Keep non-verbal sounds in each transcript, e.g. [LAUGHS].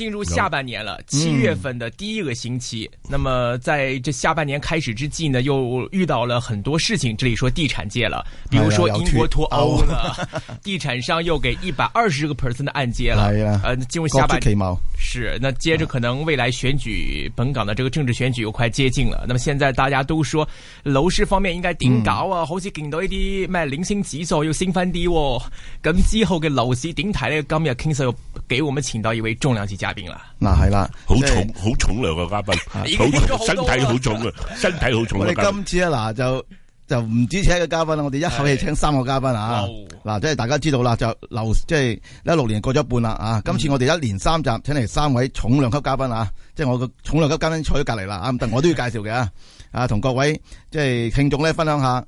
進入下半年了，七月份的第一個星期，嗯、那麼在這下半年開始之際呢，又遇到了很多事情。這裏說地產界了，比如說英國脱歐，哎、呀地產商又給一百二十個 percent 的按揭了。呃、哎呀啊，進入下半年，是那接着可能未來選舉本港的這個政治選舉又快接近了。那麼現在大家都說樓市方面應該頂高啊，好似頂多一啲賣零星急售又升翻啲哦。咁之後嘅樓市點睇咧？King Sir，又給我們請到一位重量級嘉賓。邊啦？嗱，係啦，好、就是、重好、就是、重量嘅嘉賓， [LAUGHS] [LAUGHS] 身體好重啊， [LAUGHS] 身體好重啊！ [LAUGHS] 我哋今次啊，嗱就就唔止請一個嘉賓啦，我哋一口氣請三個嘉賓是、哦、啊！嗱，即係大家知道啦，就樓即係一六年過咗一半啦啊！今次我哋一連三集，請嚟三位重量級嘉賓啊！即係我個重量級嘉賓坐咗隔籬啦啊，但係我都要介紹嘅啊啊，同各位即係聽眾咧，分享下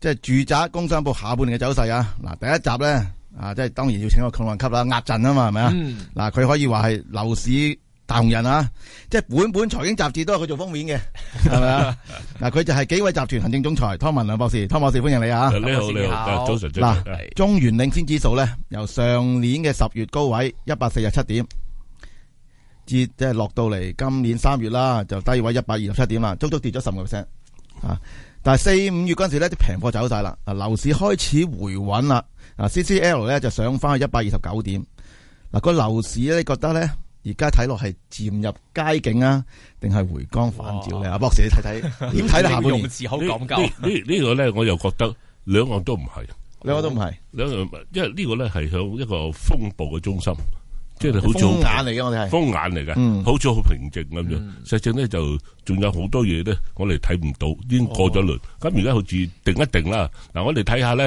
即係住宅、工商部下半年嘅走勢啊！嗱，第一集咧。啊，即係當然要請個抗癌級啦，壓陣啊嘛，係咪啊？嗱、嗯啊，佢可以話係樓市大紅人啊，即係本本財經雜誌都係佢做封面嘅，係咪啊？嗱、 [LAUGHS] 啊，佢就係紀惠集團行政總裁湯文亮博士，湯博士，湯文博士歡迎你啊！你好，你好，你好早晨。嗱、啊，中原領先指數咧，由上年嘅十月高位一百四十七點，跌即係落到嚟，今年三月啦，就低位一百二十七點啦，足足跌咗十個 percent 啊！但係四五月嗰陣時咧，啲平貨走晒啦，啊樓市開始回穩啦，啊 CCL 咧就上翻去一百二十九點，嗱個樓市咧覺得咧，而家睇落係漸入佳境啊，定係回光返照咧？阿博士你睇睇，點睇 [LAUGHS] 得下半年？呢呢、呢個咧，我又覺得兩個都唔係，兩個都唔係，兩個，因為呢個咧係向一個風暴嘅中心。即係好似風眼嚟嘅，我哋係風眼嚟嘅，好似好平靜咁樣。實際咧就仲有好多嘢，咧我哋睇唔到，已經過咗輪。咁而家好似定一定啦。嗱，我哋睇下咧，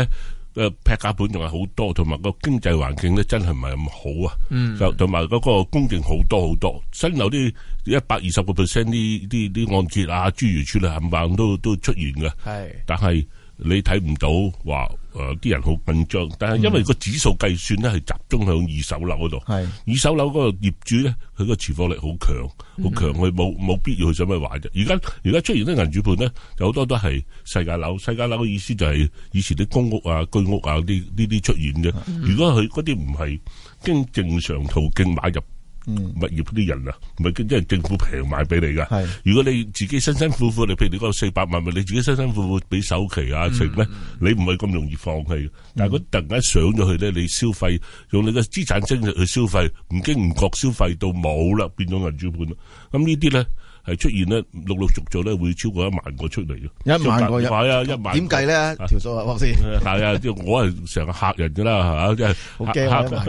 誒，劈價盤仲係好多，同埋個經濟環境咧真係唔係咁好啊。就同埋嗰個供應好多好多，新樓啲一百二十個 percent 啲啲啲按揭啊，諸如處理冚唪唥都都出現嘅。係，但係。你睇唔到話，誒、啲、呃、人好緊張，但係因為個指數計算咧係集中響二手樓嗰度，是二手樓嗰個業主咧，佢個持貨力好強，好強，佢冇冇必要去上咩玩啫。而家而家出現啲銀主盤咧，就好多都係世界樓，世界樓嘅意思就係以前啲公屋啊、居屋啊，呢呢啲出現嘅。如果佢嗰啲唔係經正常途徑買入，嗯、物業啲人啊，唔係即係政府平賣俾你噶。是如果你自己辛辛苦苦，你譬如你嗰四百萬，咪你自己辛辛苦苦俾首期、嗯、啊剩呢，你唔係咁容易放棄。但係佢突然間上咗去咧，你消費用你嘅資產增值去消費，唔經唔覺消費到冇啦，變咗銀主盤啦。咁呢啲咧。係出現咧，陸陸續續咧會超過一萬個出嚟嘅，一萬個，係啊，一萬點計咧？條數啊，我先。係啊，即係我係成個客人嘅啦，嚇，即係。好驚啊！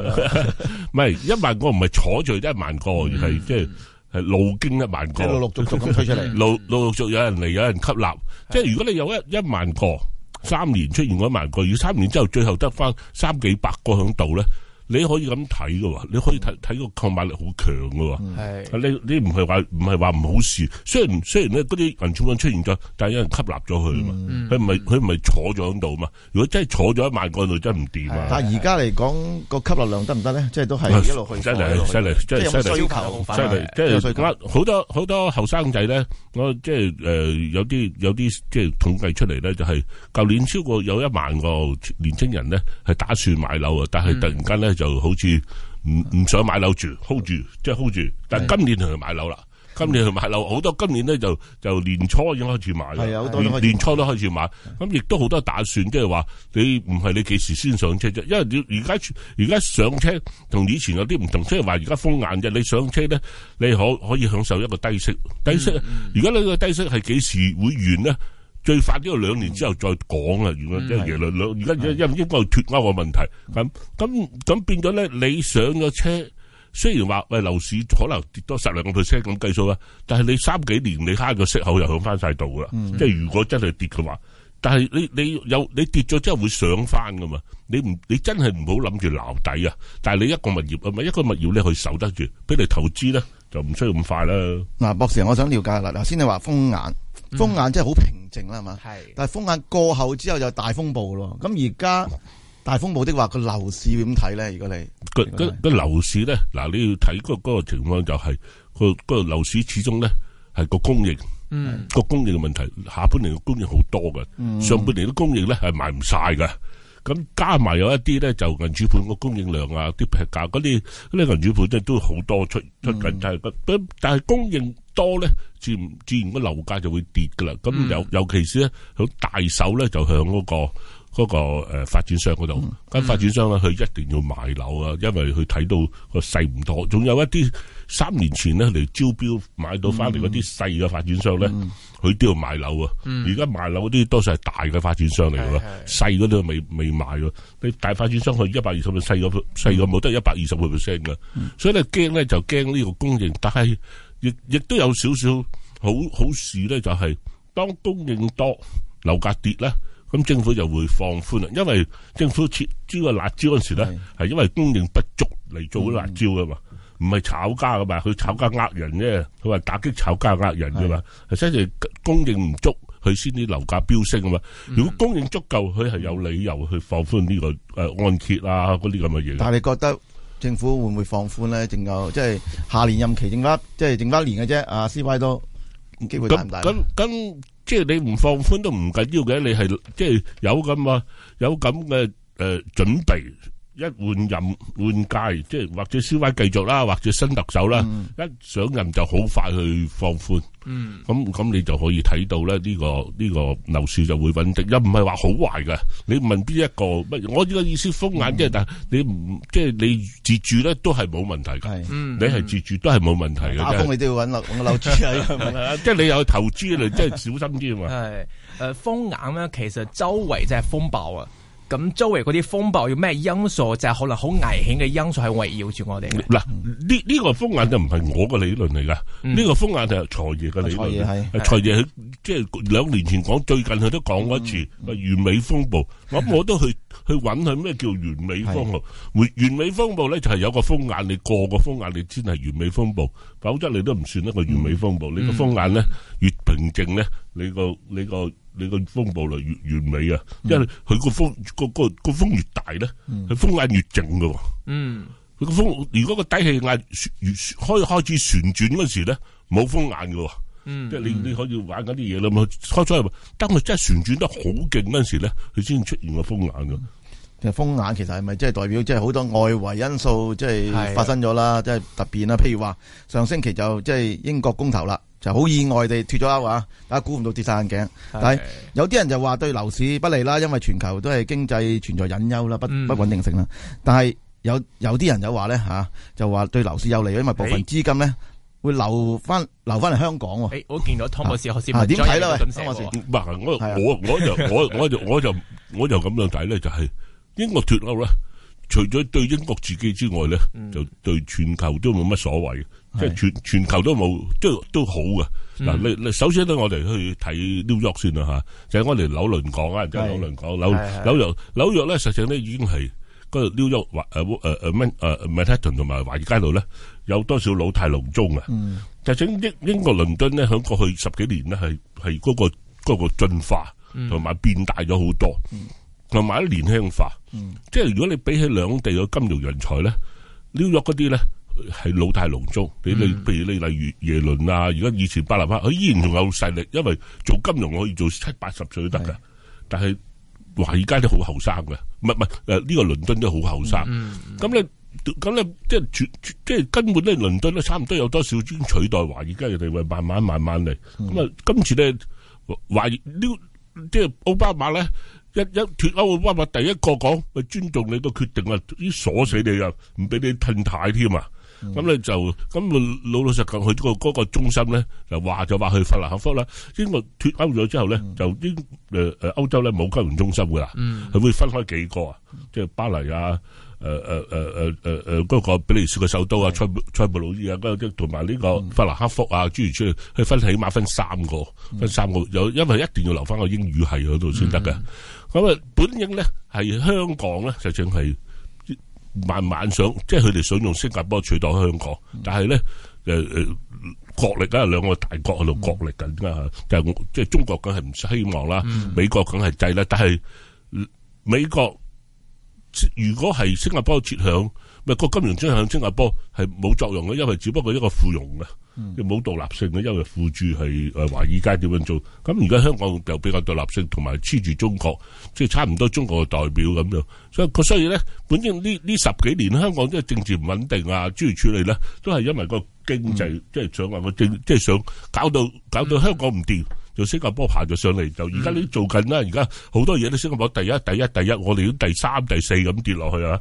唔係一萬個唔係坐住一萬個，而係即係係路經一萬個。陸陸續續咁推出嚟。陸陸陸續有人嚟，有人吸納。即係如果你有一一萬個三年出現一萬個，要三年之後最後得翻三幾百個喺度咧。你可以咁睇㗎喎，你可以睇睇個購買力好強㗎喎。係，你你唔係話唔係話唔好事。雖然雖然咧，嗰啲銀存款出現咗，但係有人吸納咗佢啊嘛。佢唔係佢唔係坐咗喺度嘛。如果真係坐咗一萬個度，真係唔掂啊！但係而家嚟講，個吸納量得唔得咧？即係都係一路去。犀利，犀利，真係犀利！即係咁多要求，即係好多好多後生仔咧，我即係誒有啲有啲即係統計出嚟咧，就係舊年超過有一萬個年青人咧係打算買樓啊，但係突然間咧。就好似唔唔想買樓住，hold 的住，即係 hold 住。但係今年同佢買樓啦，的今年去買樓好多。今年咧就就年初已經開始買，年初都開始買。咁亦都好多打算，即係話你唔係你幾時先上車啫？因為你而家而家上車同以前有啲唔同，即係話而家封眼嘅。你上車咧，你可可以享受一個低息，低息。而家你個低息係幾時會完咧？最快都要兩年之後再講啦，原來即係原來兩而家而家因唔應該脱歐嘅問題咁咁咁變咗咧，你上咗車，雖然話喂樓市可能跌多十兩個 percent 咁計數啦，但係你三幾年你揩個息口又響翻曬度噶啦，即係如果真係跌嘅話，但係你你有你跌咗之後會上翻噶嘛？你唔你真係唔好諗住留底啊！但係你一個物業啊嘛，一個物業咧你可以守得住，畀你投資咧就唔需要咁快啦。嗱，博士，我想了解啦，頭先你話風眼。風眼真係好平靜啦，係嘛、嗯？係。但係風眼過後之後就大風暴咯。咁而家大風暴的話，個樓市點睇咧？如果你個樓市咧，嗱你要睇個個情況就係個個樓市始終咧係個供應，個供應嘅問題。下半年個供應好多㗎。上半年啲供應咧係賣唔晒㗎。咁加埋有一啲咧，就銀主盤個供應量啊，啲劈價嗰啲嗰啲銀主盤都都好多出出緊，但係但係供應多咧，自然自然個樓價就會跌噶啦。咁尤尤其是咧，響大手咧就響嗰個嗰個誒發展商嗰度，個發展商咧佢一定要賣樓啊，因為佢睇到個勢唔妥，仲有一啲。三年前咧嚟招標買到翻嚟嗰啲細嘅發展商咧，佢、嗯、都要買樓啊！而家買樓嗰啲多數係大嘅發展商嚟嘅咯，細嗰啲未未買咯。你大發展商佢一百二十 percent，細個冇得一百二十 percent 嘅，嗯、所以咧驚咧就驚呢個供應，但係亦亦都有少少好好事咧，就係、是、當供應多樓價跌咧，咁政府就會放寬啦。因為政府切招個辣招嗰陣時咧，係、嗯、因為供應不足嚟做啲辣招噶嘛。唔係炒家噶嘛，佢炒家呃人啫，佢話打擊炒家呃人㗎嘛，是即係供應唔足，佢先至樓價飆升噶嘛。嗯、如果供應足夠，佢係有理由去放寬呢、這個誒按、呃、揭啊，嗰啲咁嘅嘢。但係你覺得政府會唔會放寬咧？正有即係下年任期剩翻，即係剩翻年嘅啫。啊，C Y 都機會大唔大？咁咁即係你唔放寬都唔緊要嘅，你係即係有咁啊，有咁嘅誒準備。一換任換屆，即係或者 CY 繼續啦，或者新特首啦，一上任就好快去放寬，咁咁你就可以睇到咧呢個呢個樓市就會穩定，又唔係話好壞噶。你問邊一個乜？我呢個意思風眼即係但係你唔即係你自住咧都係冇問題噶，你係自住都係冇問題噶。打風你都要揾樓，揾樓住啊，即係你有投資咧，即係小心啲啊嘛。係誒風眼咧，其實周圍就係風暴啊。咁周圍嗰啲風暴有咩因素，就係可能好危險嘅因素係圍繞住我哋。嗱，呢呢個風眼就唔係我嘅理論嚟噶，呢個風眼就係財爺嘅理論。財爺係，財爺去即係兩年前講，最近佢都講過一次，完美風暴。咁我都去去揾佢咩叫完美風暴？完完美風暴咧就係有個風眼，你過個風眼你先係完美風暴，否則你都唔算一個完美風暴。你個風眼咧越平靜咧，你個你個。你風、嗯、個風暴嚟，越完美啊，因為佢個風個、個風越大咧，佢風眼越靜噶、嗯嗯。嗯，佢個風如果個低氣壓開開始旋轉嗰時咧，冇風眼噶。即係你你可以玩緊啲嘢，啦嘛，開出去，當佢真係旋轉得好勁嗰時咧，佢先出現個風眼噶。誒，風眼其實係咪即係代表即係好多外圍因素即係發生咗啦，的即係突變啦？譬如話上星期就即係英國公投啦。就好意外地脫咗歐啊！大家估唔到跌晒眼鏡。的但係有啲人就話對樓市不利啦，因為全球都係經濟存在隱憂啦，不、嗯、不穩定性啦。但係有有啲人就話咧吓，就話對樓市有利，因為部分資金咧會流翻流翻嚟香港。誒的、欸，我見到湯博士開始點睇啦？新華唔係我我我就我我就我就我就咁樣睇咧，就係英國脫歐啦。除咗對英國自己之外咧，嗯、就對全球都冇乜所謂，是即係全全球都冇，即係都好嘅。嗱、嗯，你你首先咧，我哋去睇 New York 先啦吓，就是、我哋紐倫港啊，即係紐倫港、紐紐約、紐約咧，實際上咧已經係嗰度紐約華誒誒誒咩誒，米特頓同埋華爾街度咧，有多少老態龍鍾啊？嗯、實際上英英國倫敦咧，喺過去十幾年咧係係嗰個嗰、嗰個進化同埋變大咗好多。嗯同埋啲年輕化，即係如果你比起兩地嘅金融人才咧，嗯、紐約嗰啲咧係老態龍鍾，比你譬如你例如耶倫啊，如果以前巴拿巴，佢依然仲有勢力，因為做金融可以做七八十歲都得噶。是但係華爾街都好後生嘅，唔係唔係誒？呢、呢個倫敦都好後生，咁你咁你即係即係根本咧，倫敦都差唔多有多少已取代華爾街嘅地位，慢慢慢慢嚟。咁啊、嗯，今次咧華紐即係奧巴馬咧。一一脱歐，我屈屈第一個講，我尊重你個決定啊！已經鎖死你啊，唔俾你褪太添啊！咁咧就咁，老老實實講佢個嗰個中心咧就話就話去法蘭克福啦。英國脱歐咗之後咧，就英誒誒歐洲咧冇金融中心噶啦，佢會分開幾個啊？即係巴黎啊，誒誒誒誒誒誒嗰個，比利時嘅首都啊，塞塞布魯爾啊，嗰啲同埋呢個法蘭克福啊，諸如諸如，佢分起碼分三個，分三個有，因為一定要留翻個英語系嗰度先得嘅。咁啊，本應咧係香港咧，就淨係慢慢想，即係佢哋想用新加坡取代香港，但係咧誒國力梗係兩個大國喺度角力緊㗎嚇，就係即係中國梗係唔希望啦，美國梗係制啦，但係美國。如果係新加坡撤響，咪個金融將向新加坡係冇作用嘅，因為只不過一個附庸嘅，冇獨立性嘅，因為附住係誒華爾街點樣做。咁而家香港又比較獨立性，同埋黐住中國，即係差唔多中國嘅代表咁樣。所以個所以咧，本應呢呢十幾年香港即係政治唔穩定啊，諸如此類咧，都係因為個經濟即係想話個政，即係想搞到搞到香港唔掂。就新加坡爬咗上嚟，就而家你都做緊啦。而家好多嘢都新加坡第一、第一、第一，我哋都第三、第四咁跌落去啊。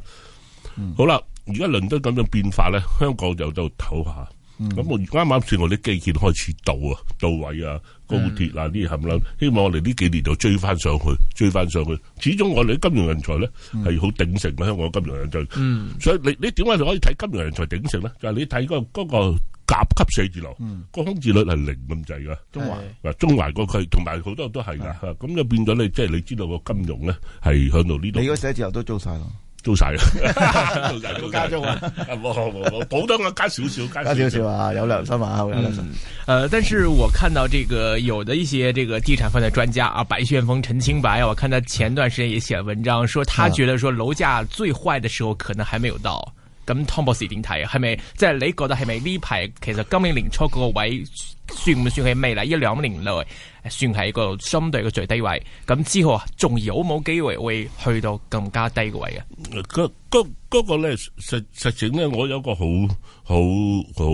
嗯、好啦，而家倫敦咁樣變化咧，香港就就唞下。咁、嗯、我而家啱啱算我啲基建開始到啊，到位啊，高鐵啊啲係咪啦？希望我哋呢幾年就追翻上去，追翻上去。始終我哋啲金融人才咧係好鼎盛嘅香港金融人才。嗯、所以你你點解就可以睇金融人才鼎盛咧？就係、是、你睇個嗰個。甲級寫字樓個空置率係零咁滯噶，中環嗱是中環個區，同埋好多都係噶，咁是、啊、就變咗你即係你知道個金融咧係喺度呢度。你嗰寫字樓都租晒咯，租晒啦，租晒都加租啊！冇冇冇，我加少少，加少加少啊！有良心啊！有良心啊，嗯、誒、呃，但是我看到這個有的一些這個地產方面的專家啊，白旋風、陳清白啊，我看他前段時間也寫文章，說他覺得說樓價最壞的時候可能還沒有到。咁湯博士點睇？係咪即係你覺得係咪呢排其實今年年初嗰個位算唔算係未來一兩年內算係一個相對嘅最低位？咁之後仲有冇機會會去到更加低嘅位啊？嗰嗰嗰個咧實實情咧，我有個好好好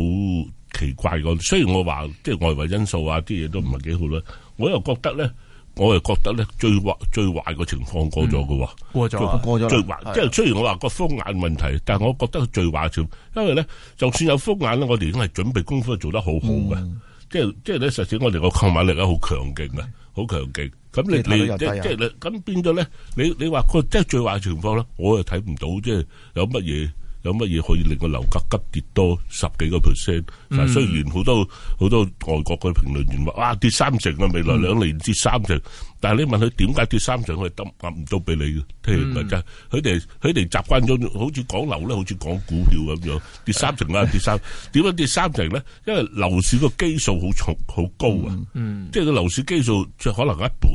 奇怪嘅，雖然我話即係外圍因素啊啲嘢都唔係幾好啦，我又覺得咧。我係覺得咧最壞最壞個情況過咗嘅喎，過咗最壞即係雖然我話個風眼問題，但係我覺得最壞嘅情，因為咧就算有風眼咧，我哋已經係準備功夫做得好好嘅、嗯，即係即係咧實際我哋個購買力咧好強勁嘅，好強勁。咁的你你即係咁變咗咧？你你話個即係最壞嘅情況咧，我又睇唔到即係有乜嘢。有乜嘢可以令個樓價急跌多十幾個 percent？嗱，雖然好多好多外國嘅評論員話：哇，跌三成啊，未來兩年跌三成。但係你問佢點解跌三成，佢都答唔到俾你。聽唔聽真？佢哋佢哋習慣咗，好似講樓咧，好似講股票咁樣，跌三成啊，跌三。點解跌三成咧？因為樓市個基數好重好高啊。嗯，即係個樓市基數，即係可能一半。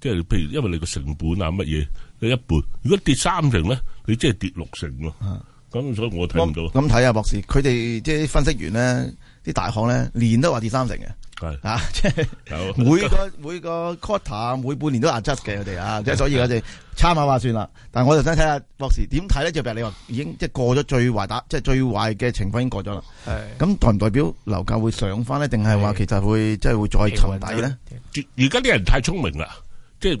即係譬如，因為你個成本啊乜嘢，你一半。如果跌三成咧，你即係跌六成咯。咁所以我我，我睇唔到。咁睇下博士，佢哋即係分析員咧，啲大行咧，年都話跌三成嘅。係是啊，即係有每個 [LAUGHS] 每個 quarter 每半年都 adjust 嘅，佢哋啊，即係所以我哋參考下算啦。但係我就想睇下，博士點睇咧？就譬如你話已經即係過咗最壞打，即係最壞嘅情況已經過咗啦。咁是代唔代表樓價會上返咧？定係話其實會是即係會再求底咧？而家啲人太聰明啦，即係。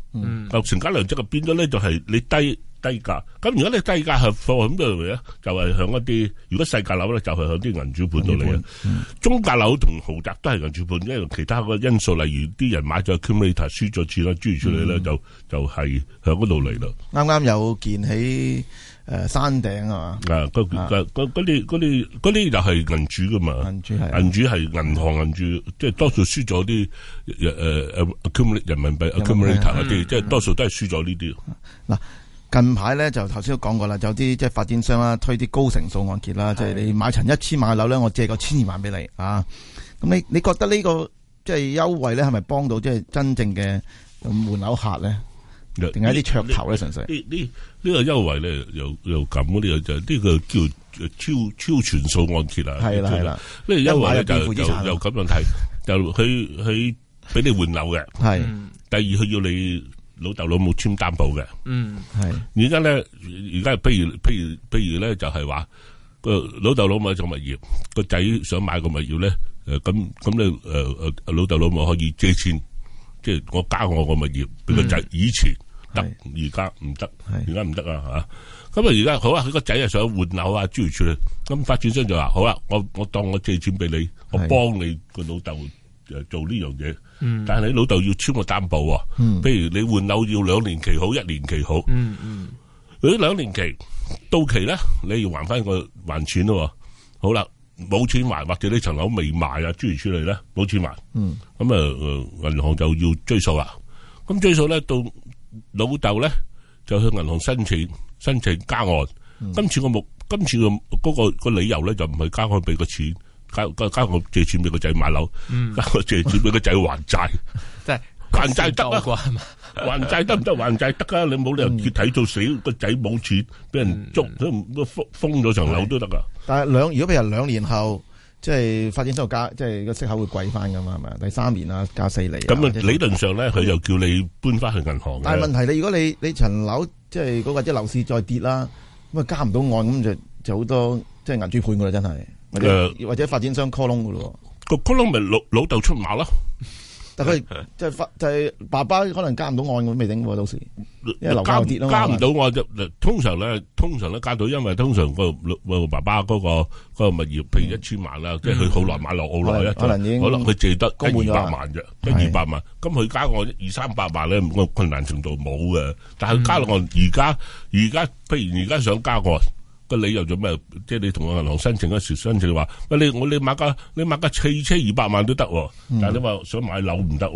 嗯，就成交量即係變咗咧，就係你低低價，咁如果你低價係貨，喺邊度嚟咧，就係、是、向一啲如果細價樓咧，就係向啲銀主盤度嚟嘅，嗯、中價樓同豪宅都係銀主盤，因為其他個因素，例如啲人買咗 Accumulator 輸咗錢啦，輸住出嚟咧、嗯，就就是、係向嗰度嚟啦。啱啱有見起。誒山頂啊嘛？誒嗰啲啲啲就係銀主噶嘛？銀主係銀主係銀行銀主，即係多數輸咗啲 accumul 人民幣 accumulator 啲，即係多數都係輸咗、嗯嗯嗯嗯、呢啲。嗱近排咧就頭先都講過啦，有啲即係發展商推啲高成數按揭啦，是的即係你買層一千萬的樓咧，我借個千二萬俾你啊。咁你你覺得呢個即係優惠咧，係咪幫到即係真正嘅換樓客咧？定係啲噱頭咧，純粹呢呢呢個優惠咧又又咁嗰啲就呢個叫超超全數按揭啊，係啦係啦，呢個優惠咧就又咁樣睇，就佢佢俾你換樓嘅，係。 [LAUGHS] 第二佢要你老豆老母簽擔保嘅，嗯係。而家咧而家譬如譬如譬如咧就係話個老豆老母做物業，個仔想買個物業咧，誒咁咁咧誒誒老豆老母可以借錢。即係我交我個物業俾個仔，以前得，而家唔得，而家唔得啊，吓，咁，啊，而家好啦，佢個仔啊想換樓啊，租住，咁發展商就話：好啦，我我當我借錢俾你，我幫你個老豆誒做呢樣嘢，嗯、但係你老豆要簽個擔保，嗯、譬如你換樓要兩年期好，一年期好，嗯嗯，你、嗯、兩年期到期咧，你要還翻個還錢咯，好啦。冇錢還，或者呢層樓未賣啊，諸如此類咧，冇錢還。嗯，咁啊，呃、銀行就要追數啦。咁追數咧，到老豆咧就向銀行申請，申請加案、嗯，今。今次、那個目，今次個嗰個個理由咧就唔係加案俾個錢，加加加我借錢俾個仔買樓，加我、嗯、借錢俾個仔還債。嗯 [LAUGHS] 還債得啊，還債得唔得？還債得啊，啊，啊，你冇理由結體到死，個仔冇錢，俾人捉封封咗層樓都得啊！但係兩，如果譬如兩年後，即係發展商又加，即係個息口會貴翻噶嘛？係咪？第三年啊，加四厘、啊。咁理論上咧，佢又叫你搬翻去銀行、啊。但係問題你，如果你你層樓即係嗰即係樓市再跌啦，咁啊加唔到按咁就就好多即係銀主盤噶啦，真係。誒，或者發展商 call 窿噶咯。個、呃、call 窿咪老老豆出馬咯。但佢即係話，即係爸爸可能加唔到按，我都未頂喎。到時因為樓價跌咯，加唔到按就通常咧，通常咧加到，因為通常嗰個爸爸嗰個嗰個物業，譬如一千萬啦，即係佢好耐買落好耐，可能已經可能佢借得一兩百萬啫，一二百萬。咁佢加個二三百萬咧，個困難程度冇嘅。但係佢加落個而家，而家譬如而家想加個。個理由做咩？即係你同個銀行申請嗰時申請的話，喂，你我你買架你買架汽車二百萬都得，但係你話想買樓唔得。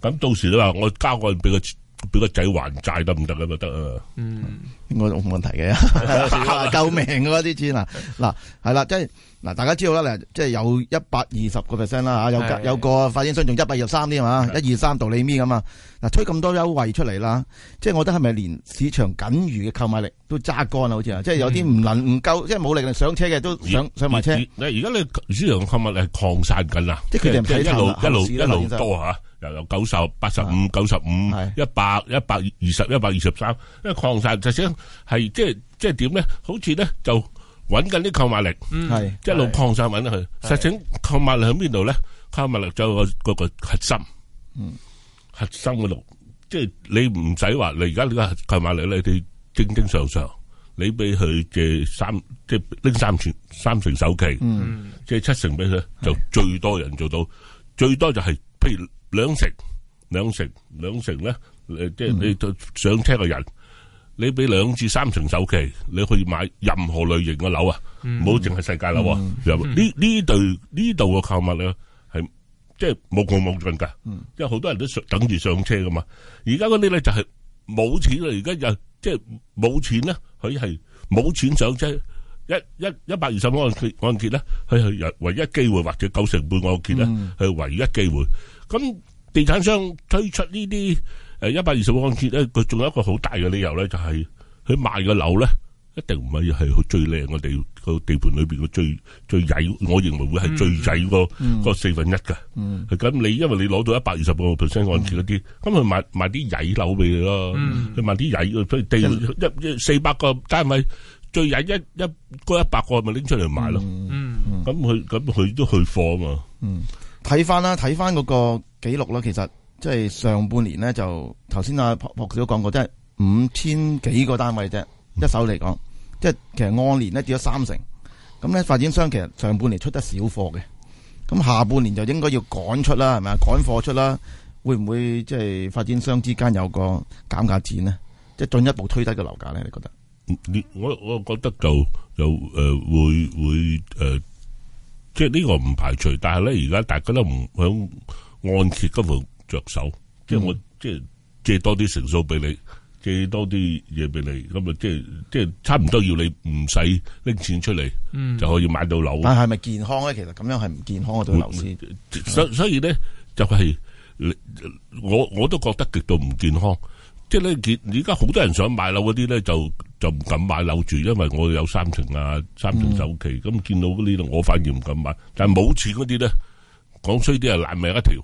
咁到時你話我交個俾佢。俾個仔還債得唔得啊？咁得啊，嗯，應該冇問題嘅，救命啊！啲錢啊，嗱係啦，即係嗱，大家知道啦，即係有一百二十個 percent 啦，吓有有個發展商仲一百二十三添啊，一二三道理咪咁啊，嗱，推咁多優惠出嚟啦，即係我覺得係咪連市場緊餘嘅購買力都揸乾啦？好似啊，即係有啲唔能唔夠，即係冇力量上車嘅都上上埋車。而家你市場購買力係擴散緊啊，即係一路一路一路多吓。又有九十、八十五、九十五、一百、一百二十一、百二十三，因為擴散實情係，即係即係點咧？好似咧就揾緊啲購買力，係、嗯、是一路是擴散揾佢。實情購買力喺邊度咧？購買力就個嗰個核心，嗯、核心嗰度。即係你唔使話，你而家呢個購買力你哋正正常常，你俾佢借三，即係拎三成，三成首期，嗯、借七成俾佢，就最多人做到，是最多就係、是、譬如。兩成、兩成、兩成咧，即係你上車嘅人，你俾兩至三成首期，你可以買任何類型嘅樓啊，唔好淨係世界樓啊。呢呢度呢度嘅購物咧，係即係冇講冇盡噶，因為好多人都等住上車噶嘛。而家嗰啲咧就係冇錢啦，而家又即係冇錢咧，佢係冇錢上車，一一一百二十萬按揭咧，佢係唯一機會，或者九成半按揭咧，係唯一機會。咁地產商推出呢啲誒一百二十個按揭咧，佢仲有一個好大嘅理由咧，就係佢賣嘅樓咧，一定唔係係佢最靚個地個地盤裏邊個最最曳，我認為會係最曳個嗰四分一㗎。係咁，你因為你攞到一百二十個 percent 按揭嗰啲，咁佢賣賣啲曳樓俾你咯，佢賣啲曳個地一一四百個，但係咪最曳一一嗰一百個咪拎出嚟賣咯？咁佢咁佢都去貨啊嘛。睇翻啦，睇翻嗰個記錄啦，其實即係上半年咧，就頭先阿朴朴少講過，即係五千幾個單位啫，一手嚟講，即係其實按年咧跌咗三成，咁咧發展商其實上半年出得少貨嘅，咁下半年就應該要趕出啦，係咪啊？趕貨出啦，會唔會即係發展商之間有個減價戰呢？即係進一步推低個樓價咧？你覺得？我我覺得就就誒、呃、會會誒。呃即係呢個唔排除，但係咧而家大家都唔響按揭嗰度着手，即係我即係借多啲成數俾你，借多啲嘢俾你，咁啊即係即係差唔多要你唔使拎錢出嚟，就可以買到樓。但係咪健康咧？其實咁樣係唔健康嘅，對樓市。所所以咧，就係我我都覺得極度唔健康。即係咧，而而家好多人想買樓嗰啲咧就。就唔敢買樓住，因為我有三成啊，三成首期，咁、嗯、見到呢度我反而唔敢買，但係冇錢嗰啲咧，講衰啲係爛命一條。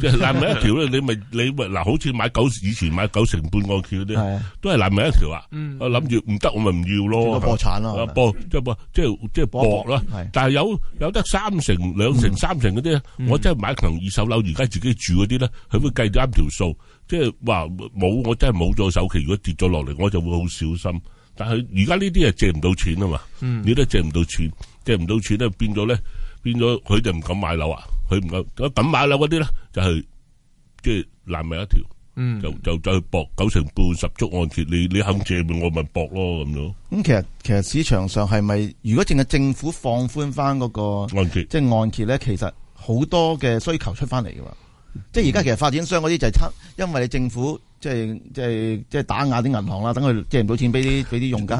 即係爛尾一條咧，你咪你咪嗱，好似買九以前買九成半按揭嗰啲，都係爛尾一條啊！我諗住唔得，我咪唔要咯，破產咯，博即係博即係即係博啦。但係有有得三成，兩成、三成嗰啲咧，我真係買層二手樓，而家自己住嗰啲咧，佢會計啱條數，即係話冇我真係冇咗首期，如果跌咗落嚟，我就會好小心。但係而家呢啲係借唔到錢啊嘛，你都借唔到錢，借唔到錢咧，變咗咧變咗佢就唔敢買樓啊。佢唔夠咁買樓嗰啲咧，就係即係爛埋一條，嗯、就就去搏九成半十足按揭，你你肯借俾我咪搏咯咁樣。咁、嗯、其實其實市場上係咪如果淨係政府放寬翻、那、嗰個按揭，即係按揭咧，其實好多嘅需求出翻嚟嘅嘛。嗯、即係而家其實發展商嗰啲就係差，因為你政府即係即係即係打壓啲銀行啦，等佢借唔到錢俾啲俾啲用家，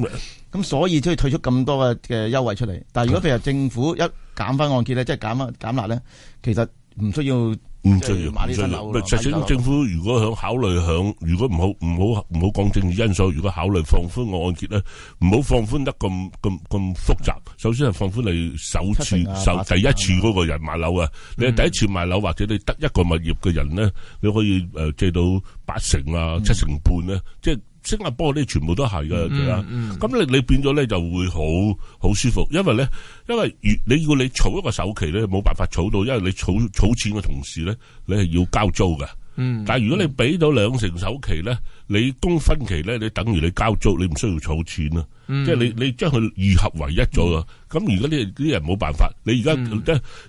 咁麼所以先要退出咁多嘅嘅優惠出嚟。但係如果譬如政府一、啊減翻按揭咧，即係減翻減辣咧，其實唔需要唔需要買呢間樓。唔係，實際政府如果響考慮響，如果唔好唔好唔好講政治因素，如果考慮放寬按揭咧，唔好放寬得咁咁咁複雜。首先係放寬你首次首第一次嗰個人買樓啊，你係第一次買樓或者你得一個物業嘅人咧，你可以誒借到八成啊七成半咧，即係。新加坡啲全部都係噶，咁你、嗯嗯、你變咗咧就會好好舒服，因為咧，因為如你要你儲一個首期咧，冇辦法儲到，因為你儲儲錢嘅同時咧，你係要交租㗎。嗯、但係如果你俾到兩成首期咧。你供分期咧，你等於你交租，你唔需要儲錢啊。嗯、即係你你將佢二合為一咗咯。咁而家啲啲人冇辦法，你而家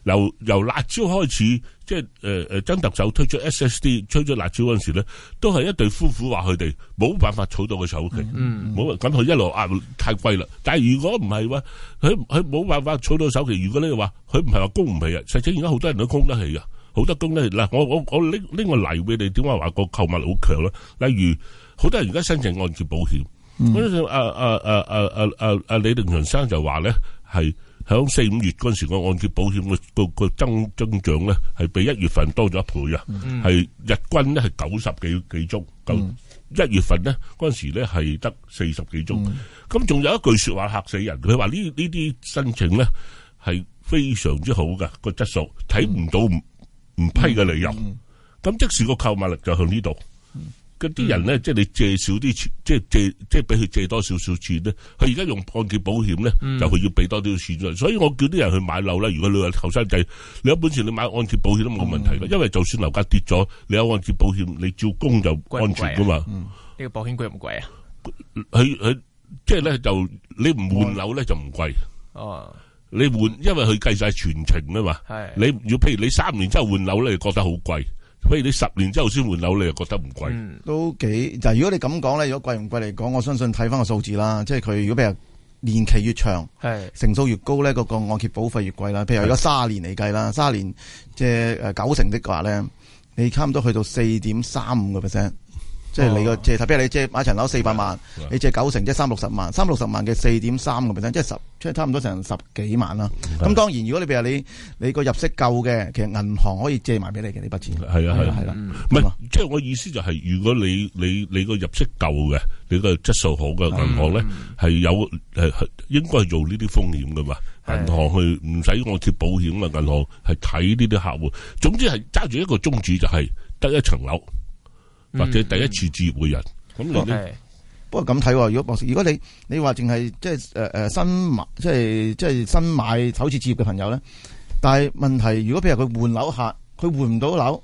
由、嗯、由辣椒開始，即係誒誒曾特首推出 SSD，推出辣椒嗰陣時咧，都係一對夫婦話佢哋冇辦法儲到個首期。冇咁佢一路啊太貴啦。但係如果唔係話，佢佢冇辦法儲到首期。如果你話佢唔係話供唔起啊，實際而家好多人都供得起啊。好多工咧嗱，我我我拎拎個例俾你，點解話個購買力好強咧？例如，好多人而家申請按揭保險，嗰陣時阿阿阿阿阿阿阿李定祥生就話咧，係響四五月嗰陣時個按揭保險個個個增增長咧，係比一月份多咗一倍啊！係日均咧係九十幾幾宗，一月份咧嗰陣時咧係得四十幾宗。咁仲有一句說話嚇死人，佢話呢呢啲申請咧係非常之好噶，個質素睇唔到。唔批嘅理由，咁、嗯嗯、即時個購買力就向、嗯、呢度，嗰啲人咧，即係你借少啲錢，即係借，即係俾佢借多少少錢咧，佢而家用按揭保險咧，嗯、就佢要俾多啲錢咁，所以我叫啲人去買樓啦。如果你話後生仔，你有本事你買按揭保險都冇問題嘅，嗯、因為就算樓價跌咗，你有按揭保險，你照供就安全噶嘛。呢、啊嗯這個保險貴唔貴啊？佢佢即係咧就你唔換樓咧就唔貴、嗯、哦。你換，因為佢計晒全程啊嘛。係，你要譬如你三年之後換樓，你又覺得好貴；譬如你十年之後先換樓，你又覺得唔貴。嗯，都幾。嗱，如果你咁講咧，如果貴唔貴嚟講，我相信睇翻個數字啦。即係佢如果譬如年期越長，係成數越高咧，嗰個按揭保費越貴啦。譬如如果卅年嚟計啦，卅年即係誒九成的話咧，你差唔多去到四點三五個 percent。即係你個借，譬如你借買層樓四百萬，你借九成即係三六十萬，三六十萬嘅四點三個 percent 即係十即係差唔多成十幾萬啦。咁是的 當然，如果你譬如你你個入息夠嘅，其實銀行可以借埋俾你嘅呢筆錢。係啊係啦係啦，唔係、嗯、即係我意思就係、是，如果你你你個入息夠嘅，你個質素好嘅銀行咧，係的有應該係做呢啲風險噶嘛。銀是的 行去唔使我貼保險啊，銀行係睇呢啲客戶。總之係揸住一個宗旨，就係得一層樓。或者第一次置業嘅人，咁不過咁睇喎。如果博士，如果你你話淨係即係誒誒新買，即係即係新買首次置業嘅朋友咧，但係問題如果譬如佢換樓客，佢換唔到樓，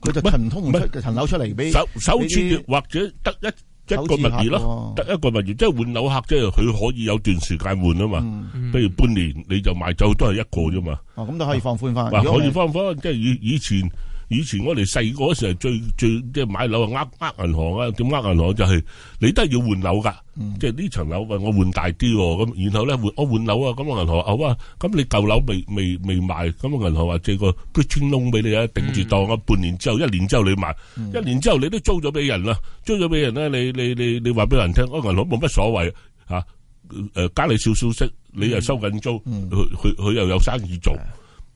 佢就騰通唔出樓出嚟俾首首置或者得一一個物業咯，得一個物業，即係換樓客，即係佢可以有段時間換啊嘛。譬如半年你就買走都係一個啫嘛。咁都可以放寬返。可以放寬，即係以以前。以前我哋細個嗰時係最最即係買樓啊，呃呃銀行啊，點呃銀行就係你都係要換樓噶，即係呢層樓問我換大啲咁，然後咧換我換樓啊，咁啊銀行好啊，咁你舊樓未未未賣，咁啊銀行話借個 bridging loan 俾你啊，頂住檔啊，半年之後一年之後你賣，一年之後你都租咗俾人啦，租咗俾人咧，你你你你話俾人聽，我銀行冇乜所謂吓，誒加你少少息，你又收緊租，佢佢佢又有生意做。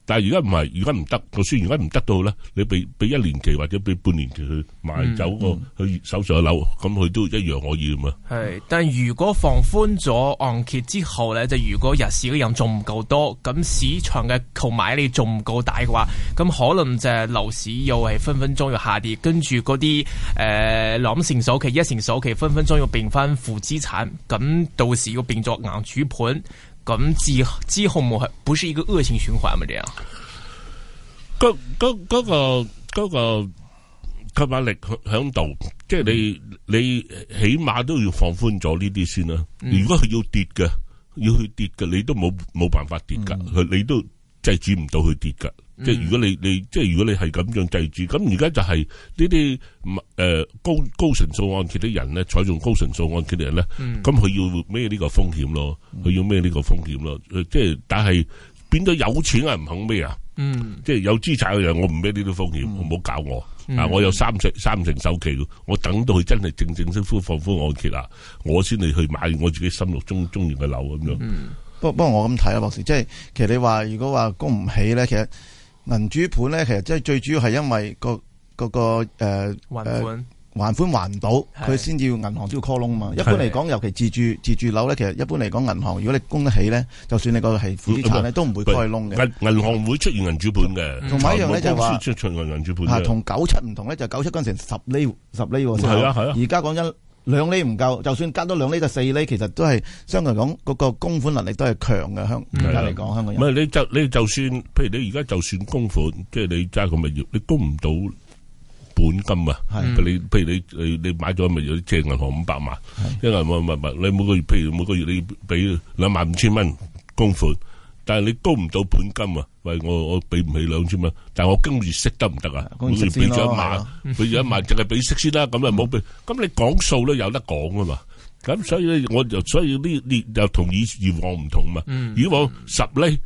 但係如果唔係，而家唔得。就算而家唔得到都好，你俾俾一年期或者俾半年期去賣走個佢手上嘅樓，咁佢、嗯嗯、都一樣可以嘅。係，但如果放寬咗按揭之後咧，就如果入市嘅人仲唔夠多，咁市場嘅購買力仲唔夠大嘅話，咁可能就係樓市又係分分鐘要下跌，跟住嗰啲誒兩成首期，一成首期分分鐘要變翻負資產，咁到時要變作硬主盤。咁自之後冇係，不是一個惡性循環嘛？這樣，嗰嗰個個吸引力響度，即係你你起碼都要放寬咗呢啲先啦。如果佢要跌嘅，要去跌嘅，你都冇冇辦法跌噶，佢、嗯、你都。制止唔到佢跌噶，即係如果你你即係如果你係咁樣制止，咁而家就係呢啲誒高高成數按揭啲人咧，採用高成數按揭啲人咧，咁佢、嗯、要孭呢個風險咯，佢要孭呢個風險咯，即係、嗯、但係變咗有錢人唔肯孭啊，啊嗯、即係有資產嘅人我唔孭呢啲風險，唔好、嗯、搞我、嗯、啊！我有三成三成首期，我等到佢真係正正式式放寬按揭啊，我先嚟去買我自己心目中中意嘅樓咁樣。嗯不不過我咁睇啦博士，即係其實你話如果話供唔起咧，其實銀主盤咧，其實即係最主要係因為個嗰個誒，呃、還款本還款還唔到，佢先至要銀行先要 call 窿嘛。一般嚟講，是尤其自住自住樓咧，其實一般嚟講，銀行如果你供得起咧，就算你個係負資產咧，都唔會開窿嘅。銀、嗯、行唔會出現銀主盤嘅，同埋、嗯、一樣咧就係話，同九七唔同咧，就九七嗰陣成十厘十厘喎，而家講緊。兩厘唔夠，就算加多兩厘就四厘，其實都係相對嚟講嗰個供款能力都係強嘅。香港而家嚟講，香港人唔係你就你就算，譬如你而家就算供款，即係你揸個物業，你供唔到本金啊？譬如你譬如你你你買咗物業借銀行五百萬，因為冇物物，你每個月譬如每個月你俾兩萬五千蚊供款。但係你供唔到本金啊，喂我我俾唔起兩千蚊，但係我供月息得唔得啊？月息俾咗一萬，俾咗一萬，淨係俾息先啦，咁啊冇俾。咁你講數都有得講啊嘛，咁所以咧，我就所以呢呢又同以以往唔同嘛。以往十厘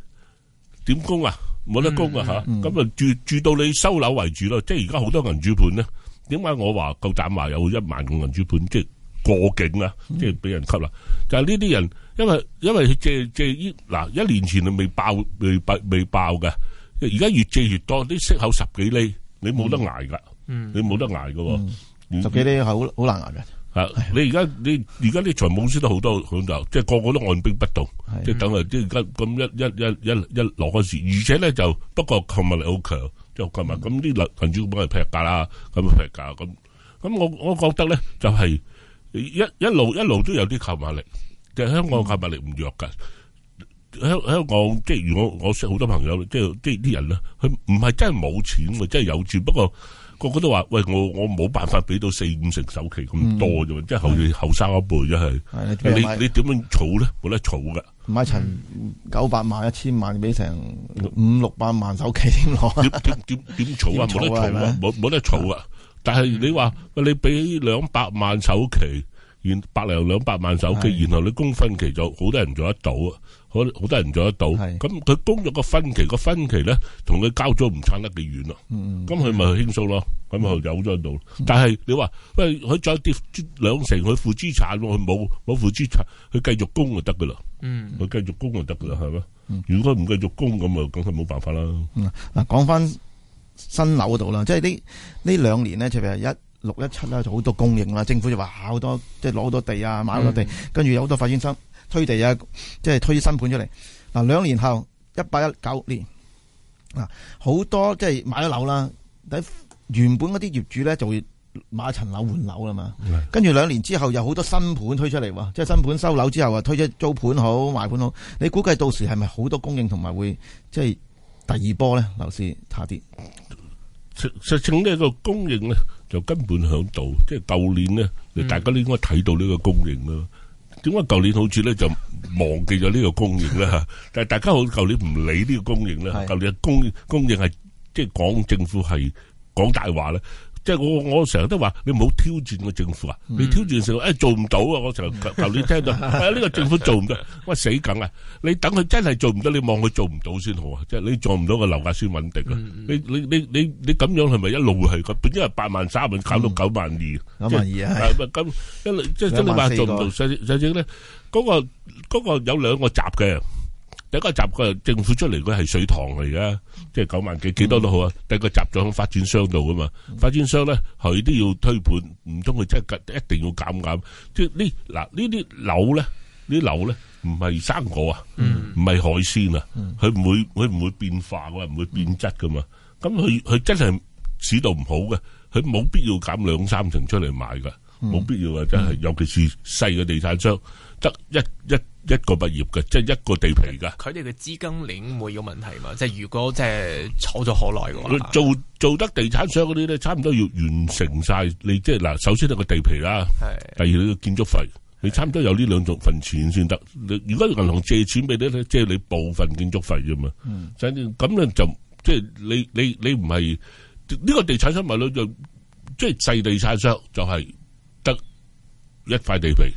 點供啊，冇得供啊吓，咁啊住住到你收樓為止咯。即係而家好多銀主盤咧，點解我話夠膽話有一萬個銀主盤即係過境啊，即係俾人吸啦。就係呢啲人。因為因為借借依嗱一年前就未爆未爆未爆嘅，而家越借越多，啲息口十幾厘，你冇得捱噶，你冇得捱嘅，十幾厘係好好難捱嘅。係你而家你而家啲財務公司都好多響度，即係個個都按兵不動，即係等佢啲而家咁一一一一一落嗰時，而且咧就不過購買力好強，即係購買咁啲樓，業主幫佢劈價啦，咁劈價咁，咁我我覺得咧就係一一路一路都有啲購買力。香港購買力唔弱噶，香香港即係如果我識好多朋友，即係即係啲人咧，佢唔係真係冇錢，真係有錢，不過個個都話：喂，我我冇辦法俾到四五成首期咁多啫嘛，嗯、即係後後生是一輩啫係。你你點樣儲咧？冇得儲噶。買層九百萬、一千萬，俾成五六百萬首期先攞。點點點儲啊？冇得儲啊！冇冇嗎得儲啊！ [LAUGHS] 但係你話喂，你俾兩百萬首期。百零兩百萬首期，然後你供分期就好多人做得到啊！好，好多人做得到。咁佢供咗個分期，個分期咧，同佢交租唔差得幾遠啊？咁佢咪去輕鬆咯？咁啊有咗得到。嗯、但係你話，喂，佢再跌兩成，佢負資產喎，佢冇冇負資產，佢繼續供就得噶啦。佢、嗯、繼續供就得噶啦，係咪？如果佢唔繼續供咁啊，咁佢冇辦法啦。嗱、嗯，講翻新樓嗰度啦，即係呢呢兩年咧，特別係一。六一七啦，就好多供應啦，政府就話好多，即係攞好多地啊，買好多地，跟住、嗯、有好多發展商推地啊，即係推新盤出嚟。嗱，兩年後一八一九年，嗱好多即係買咗樓啦，喺原本嗰啲業主咧就會買層樓換樓啦嘛。跟住的兩年之後有好多新盤推出嚟喎，即係新盤收樓之後啊，推出租盤好、賣盤好。你估計到時係咪好多供應同埋會即係第二波咧？樓市差啲。實情呢個供應咧就根本響度，即係舊年咧，嗯、大家都應該睇到呢個供應啦。點解舊年好似咧就忘記咗呢個供應咧？吓， [LAUGHS] 但係大家好舊年唔理呢個供應咧，舊是年嘅供應供應係即係講政府係講大話咧。即係我我成日都話你唔好挑戰個政府啊！你挑戰成，誒做唔到啊！我成頭年聽到，誒呢個政府做唔到，喂死梗啊！你等佢真係做唔到，你望佢做唔到先好啊！即係你做唔到個樓價先穩定啊！你你你你你咁樣係咪一路係變咗？八萬三變搞到九萬二，九萬二係咁一路即係即係你話做唔到？實際，實際呢，嗰個嗰個有兩個集嘅。第一個集嘅政府出嚟佢係水塘嚟噶，即係九萬幾，幾多都好啊。第一個集咗喺發展商度噶嘛，發展商咧佢都要推盤，唔通佢真係一定要減減。即係呢嗱呢啲樓咧，呢啲樓咧唔係生果啊，唔係海鮮啊，佢唔會佢唔會變化，唔會變質噶嘛。咁佢佢真係市道唔好嘅，佢冇必要減兩三成出嚟買噶，冇必要啊！真係，尤其是細嘅地產商。得一一一個物業嘅，即係一個地皮噶。佢哋嘅資金鏈會有問題嘛？即係如果即係坐咗好耐嘅話，做做得地產商嗰啲咧，差唔多要完成晒。你即係嗱，首先係個地皮啦，第二你個建築費，你差唔多有呢兩種份錢先得。你如果銀行借錢俾你咧，即係你部分建築費啫嘛。嗯，反正咁咧就即係你你你唔係呢個地產商咪咧就即係細地產商就係。一塊地皮，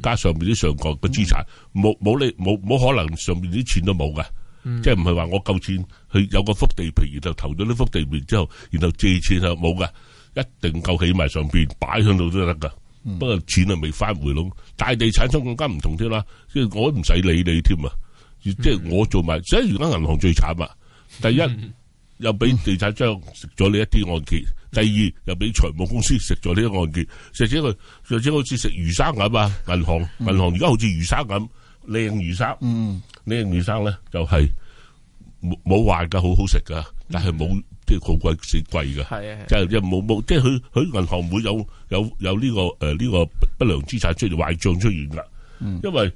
加上邊啲上蓋嘅資產，冇冇你冇冇可能上邊啲錢都冇嘅。嗯、即係唔係話我夠錢去有個幅地皮，然後投咗呢幅地皮之後，然後借錢就冇嘅，一定夠起埋上邊，擺喺度都得噶。嗯、不過錢係未翻回籠，大地產商更加唔同添啦，即係我唔使理你添啊，即係我做埋，所以而家銀行最慘啊，第一又俾地產商食咗你一啲按揭。第二又俾財務公司食咗呢個案件，就似佢，就似好似食魚生咁啊！銀行、嗯、銀行而家好似魚生咁，靚魚生，嗯，靚魚生咧就係冇冇壞噶，好好食噶，但係冇即係好貴的，死貴噶，係啊的，就就冇冇，即係佢佢銀行唔會有有有呢、呢個誒呢、呃呢個不良資產出嚟，壞帳出現啦，嗯、因為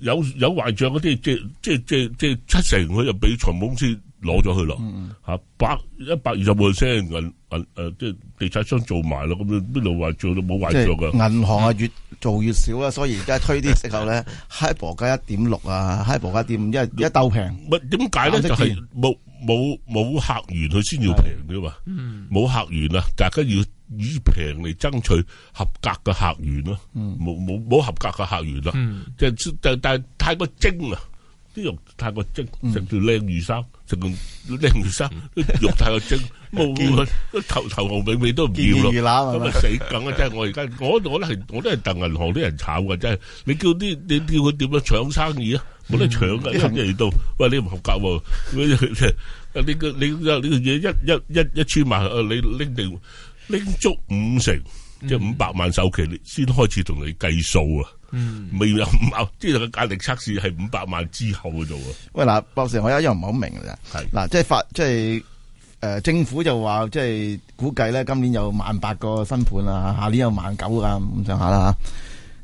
有有壞帳嗰啲，即係即係即係即係七成佢又俾財務公司。攞咗佢咯，吓百一百二十萬升銀銀誒，即係地產商做埋咯，咁邊度話做都冇壞賬噶？銀行係越做越少啦，所以而家推啲時候咧，HIBOR 加一點六啊，HIBOR 加點一一兜平。咪點解咧？就係冇冇冇客源，佢先要平啫嘛。冇客源啊，大家要以平嚟爭取合格嘅客源咯。冇冇冇合格嘅客源咯，即係但但係太過精啊。啲肉太過精，成條靚魚生，成靚魚生啲肉太過精，冇頭頭牛尾尾都唔要咯。死梗啊！真係我而家，我我都係我都係鄧銀行啲人炒嘅，真係你叫啲你叫佢點樣搶生意啊？冇得搶㗎！一嚟到，喂，你唔合格喎，你個你你個嘢一一一一千萬，你拎定拎足五成即係五百萬首期，你先開始同你計數啊！嗯、未有五萬，即係個價力測試係五百萬之後嘅度啊！喂，嗱博士，我有一樣唔係好明嘅啫。係嗱是，即係發，即係誒、呃，政府就話，即係估計咧，今年有萬八個新盤啊，下年有萬九啊，咁上下啦。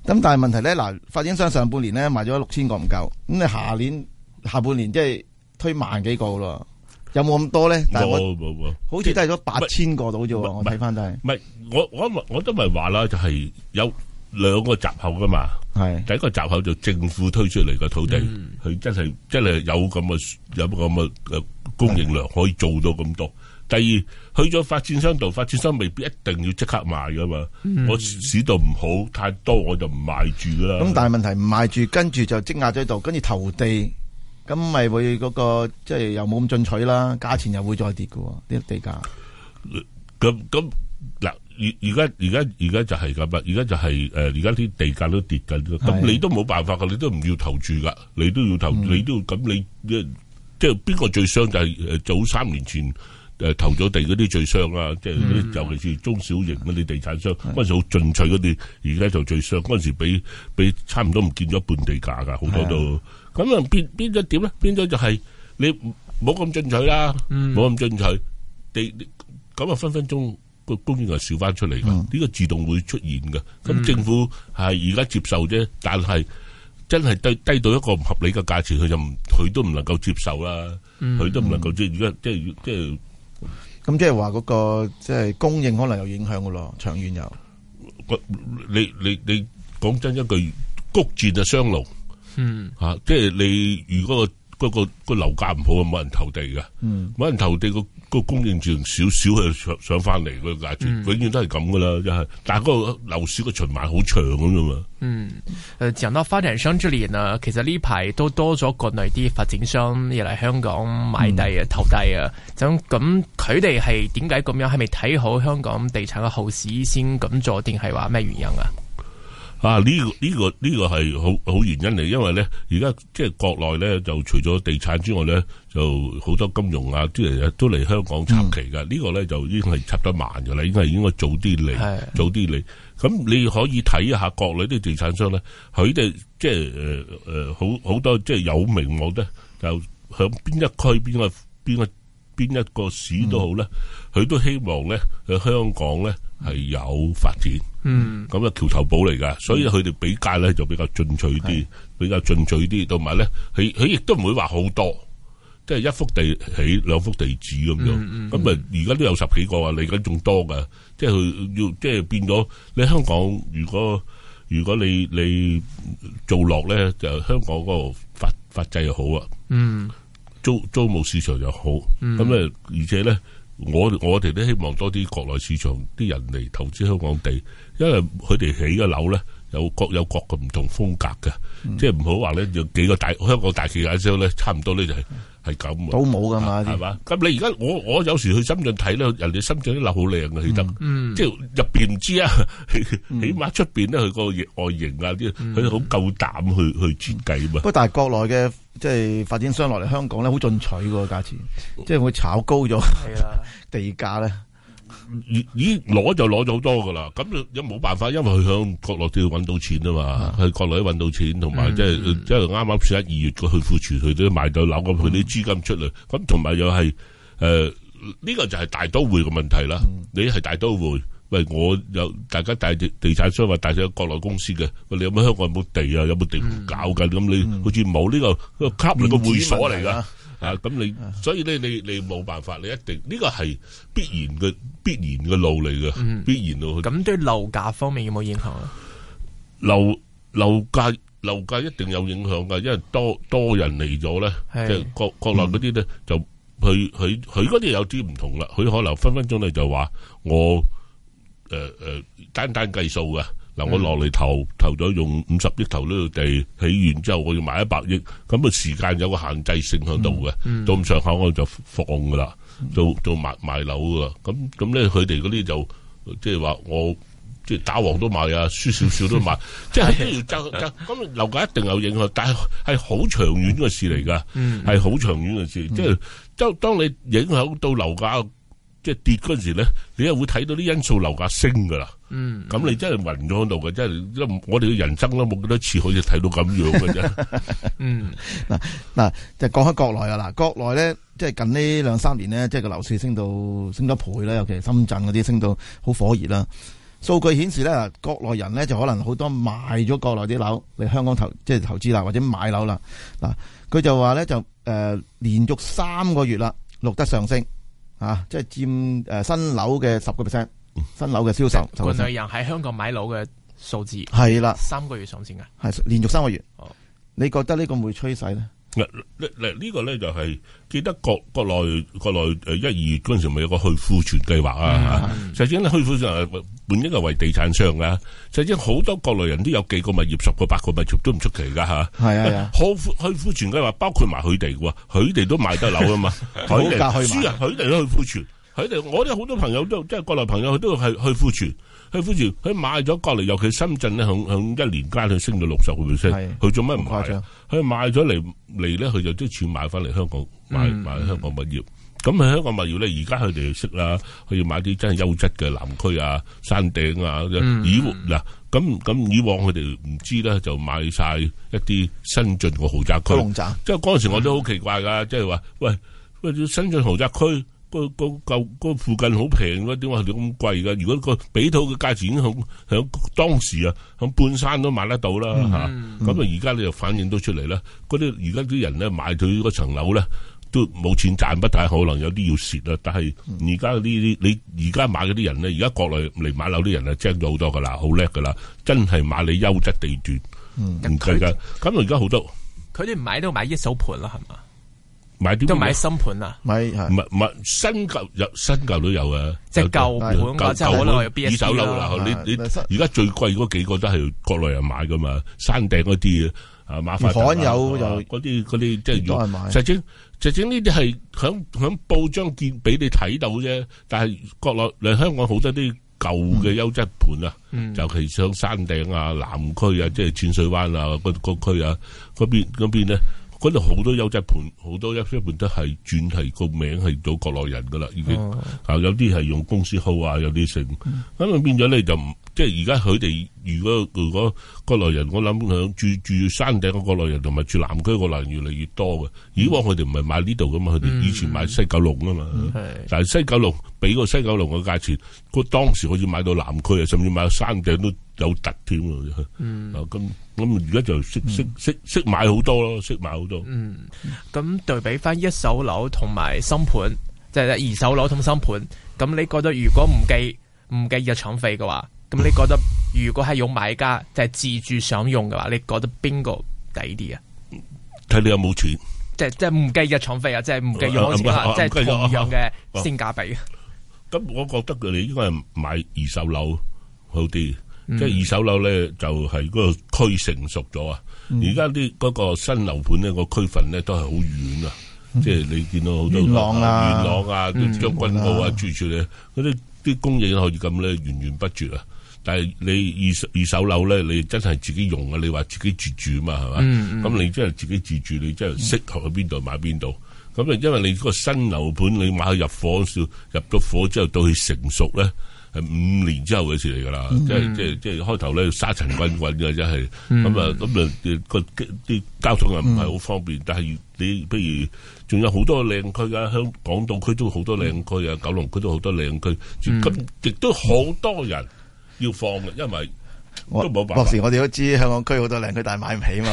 咁但係問題咧，嗱，發展商上半年咧賣咗六千個唔夠，咁你下年下半年即係推萬幾個咯？有冇咁多咧？冇冇冇，好似都係咗八千個到啫，我睇翻都係。唔係，我我我都唔係話啦，就係、是、有。兩個閘口噶嘛，第一個閘口就政府推出嚟嘅土地，佢真係真係有咁嘅有咁嘅供應量可以做到咁多。第二去咗發展商度，發展商未必一定要即刻賣噶嘛，我市道唔好太多我就唔賣住㗎啦。咁但係問題唔賣住，跟住就積壓咗喺度，跟住投地，咁咪會嗰個即係又冇咁進取啦，價錢又會再跌㗎喎，呢啲地價。咁咁嗱。而而家而家而家就係咁啦，而家就係誒，而家啲地價都跌緊，咁你都冇辦法嘅，你都唔要投注噶，你都要投，你都要咁你即即，邊個最傷就係誒早三年前誒投咗地嗰啲最傷啦，即係嗰啲尤其係中小型嗰啲地產商，嗰陣時好進取嗰啲，而家就最傷，嗰陣時比比差唔多唔見咗一半地價噶，好多都咁啊！變變咗點咧？變咗就係你冇咁進取啦，冇咁進取地，咁啊分分鐘。個供應係少翻出嚟噶，呢、嗯、個自動會出現嘅。咁政府係而家接受啫，嗯、但係真係低低到一個唔合理嘅價錢，佢就佢都唔能夠接受啦。佢、嗯、都唔能夠接、嗯、即而家即即咁、嗰個、即係話嗰個即係供應可能有影響噶咯，長遠有。你你你講真一句，谷賤啊傷農。嗯，吓、啊，即係你如果個。嗰個、嗰個樓價唔好啊，冇人投地嘅，冇、嗯、人投地個、嗰個供應自然少少，去上上翻嚟個價錢，永遠都係咁噶啦，就係但係個樓市個循環好長噶嘛。嗯，誒，講、嗯、到發展商之年啊，其實呢排都多咗國內啲發展商入嚟香港買地啊、嗯、投地啊，咁咁佢哋係點解咁樣？係咪睇好香港地產嘅後市先咁做，定係話咩原因啊？啊！呢、呢個呢、呢個呢、呢個係好好原因嚟，因為咧，而家即係國內咧，就除咗地產之外咧，就好多金融啊啲嘢都嚟香港插旗㗎。嗯、呢個呢個咧就已經係插得慢㗎啦，應該應該早啲嚟，嗯、早啲嚟。咁的你可以睇一下國內啲地產商咧，佢哋即係誒誒，好好多即係有名望咧，就響邊一區、邊個、邊個、邊一個市都好咧，佢、嗯、都希望咧喺香港咧係有發展。嗯嗯，咁啊橋頭堡嚟噶，所以佢哋比價咧就比較進取啲，是比較進取啲，同埋咧，佢佢亦都唔會話好多，即係一幅地起兩幅地紙咁樣，咁啊而家都有十幾個啊，嚟緊仲多噶，即係佢要即係變咗。你香港如果如果你你做落咧，就香港嗰個法法制又好啊，嗯，租租務市場又好，咁啊、嗯、而且咧。我我哋都希望多啲國內市場啲人嚟投資香港地，因為佢哋起嘅樓咧。有各有各嘅唔同風格嘅，即係唔好話咧，有幾個大香港大企業之後咧，差唔多咧就係係咁。都冇㗎嘛，係嘛？咁你而家我我有時去深圳睇咧，人哋深圳啲樓好靚啊，起得，即係入邊唔知啊，起起碼出邊咧佢個形外形啊啲，佢好夠膽去去設計嘛。不過但係國內嘅即係發展商落嚟香港咧，好進取㗎，價錢即係會炒高咗，地價咧。已經攞就攞咗好多噶啦，咁又冇辦法，因為佢響國內都要揾到錢啊嘛，喺、啊、國內都揾到錢，同埋即係即係啱啱十一二月去庫存，佢都賣到樓咁，佢啲資金出嚟，咁同埋又係誒，呢、就是呃這個就係大都會嘅問題啦。嗯、你係大都會，喂，我又大家大地，地產商話大咗國內公司嘅，喂，你有冇香港有冇地啊？有冇地搞緊？咁、嗯、你好似冇呢個，這個吸你嘅會所嚟噶。啊，咁你、啊、所以咧，你你冇辦法，你一定呢、呢個係必然嘅，必然嘅路嚟嘅，必然路去、嗯、必然路。咁對樓價方面有冇影響？樓樓價樓價一定有影響噶，因為多多人嚟咗咧，即係是國國內嗰啲咧就佢佢佢嗰啲有啲唔同啦，佢可能分分鐘咧就話我誒誒、呃呃，單單計數嘅。嗱，嗯、我落嚟投投咗用五十億投呢度地，起完之後我要買億一百億，咁啊時間有個限制性喺度嘅，嗯嗯、到咁上下我就放噶啦，到到賣賣樓噶，咁咁咧佢哋嗰啲就即係話我即係打王都賣啊，輸少少都賣，即係都要就咁，樓價 [LAUGHS] 一定有影響，但係係好長遠嘅事嚟噶，係好、嗯、長遠嘅事，即係當當你影響到樓價即係跌嗰時咧，你又會睇到啲因素樓價升噶啦。嗯，咁你真係暈咗喺度嘅，真係，即係我哋嘅人生都冇幾多次可以睇到咁樣嘅啫。嗯，嗱嗱、嗯，就講開國內啦，嗱，國內咧，即係近呢兩三年咧，即係個樓市升到升一倍啦，尤其係深圳嗰啲升到好火熱啦。數據顯示咧，國內人咧就可能好多賣咗國內啲樓嚟香港投，即係投資啦，或者買樓啦。嗱，佢就話咧就誒，連續三個月啦錄得上升，啊，即係佔誒新樓嘅十個 percent。分樓嘅銷售，國內人喺香港買樓嘅數字係啦，是的三個月上線噶，係連續三個月。哦、你覺得呢個會唔會呢？使咧、就是？嗱呢個咧就係記得國內國內國內誒，一二月嗰陣時咪有一個去庫存計劃啊吓。嗯、是實際去庫存本應係為地產商嘅，實際好多國內人都有幾個物業，十個八個物業都唔出奇噶吓。係啊，去去庫存計劃包括埋佢哋嘅，佢哋都買得樓啊嘛。冇價 [LAUGHS] 去買，佢哋都去庫存。佢哋我哋好多朋友都即係國內朋友，佢都係去庫存，去庫存，佢買咗隔籬，尤其深圳咧，響響一年間佢升到六十個 percent，佢做咩唔誇張？佢是買咗嚟嚟咧，佢張就即轉買翻嚟香港買買香港物業。咁喺、嗯嗯、香港物業咧，而家佢哋識啦，佢要買啲真係優質嘅南區啊、山頂啊。嗯、以嗱咁咁以往佢哋唔知咧，就買晒一啲新進嘅豪宅區，宅即係嗰陣時我都好奇怪噶，嗯、即係話喂喂新進豪宅區。嗰舊嗰附近好平嘅，點解佢咁貴嘅？如果個俾土嘅價錢已經響當時啊，響半山都買得到啦，吓、嗯。咁啊，而家你就反映到出嚟啦。嗰啲，而家啲人咧買到嗰層樓咧，都冇錢賺，不太可能。有啲要蝕啊！但係而家呢啲你而家買嗰啲人咧，而家國內嚟買樓啲人啊，精咗好多噶啦，好叻噶啦，真係買你優質地段，唔計噶。咁啊，而家好多佢哋買都買一手盤啦，係嘛？都買新盤啊！買係唔係，唔係，新舊，有新舊都有嘅，即係舊盤。舊盤二手樓嗱，你你而家最貴嗰幾個都係國內人買噶嘛？山頂嗰啲啊，馬化騰啊，嗰啲嗰啲即係，實際實際呢啲係響響報章見俾你睇到啫。但係國內你香港好多啲舊嘅優質盤啊，尤其上山頂啊、南區啊、即係淺水灣啊、嗰嗰區啊，嗰邊嗰邊咧。嗰度好多優質盤，好多優質盤都係轉，係個名係到國內人噶啦。啊、哦，有啲係用公司號啊，有啲剩。咁變咗咧就唔，即係而家佢哋如果如果國內人，我諗響住住山頂嘅國內人，同埋住南區嘅國內人越嚟越多嘅。以往佢哋唔係買呢度噶嘛，佢哋以前買西九龍啊嘛。嗯、但係西九龍俾個西九龍嘅價錢，佢當時可以買到南區啊，甚至買到山頂都。有特添啊！嗯，嗱咁咁，而家就識識識識買好多咯，識買好多。嗯，咁對比翻一手樓同埋新盤，即係二手樓同新盤。咁你覺得如果唔計唔計入場費嘅話，咁你覺得如果係用買家就係自住想用嘅話，你覺得邊個抵啲啊？睇你有冇錢。即係即係唔計入場費啊！即係唔計用錢啊！即係同樣嘅性價比。咁我覺得你應該係買二手樓好啲。嗯、即係二手樓咧，就係、是、嗰個區成熟咗、嗯、啊！而家啲嗰個新樓盤咧，個區份咧都係好遠啊！即係你見到好多元朗啊、將軍澳啊、住住咧，嗰啲啲供應可以咁咧源源不絕啊！但係你二二手樓咧，你真係自己用啊！你話自己住住嘛係嘛？咁、嗯、你真係自己住住，你真係適合去邊度買邊度？咁啊、嗯，就因為你嗰個新樓盤，你買入火，入咗火之後到佢成熟咧。五年之後嘅事嚟噶啦，即係即係即係開頭咧，沙、就是就是就是、塵滾滾嘅真係，咁啊咁啊啲交通又唔係好方便，嗯、但係你譬如仲有好多靚區噶，香港島區都好多靚區啊，嗯、九龍區都好多靚區，咁亦、嗯、都好多人要放嘅，因為都冇辦法。當時我哋都知香港區好多靚區，但係買唔起嘛。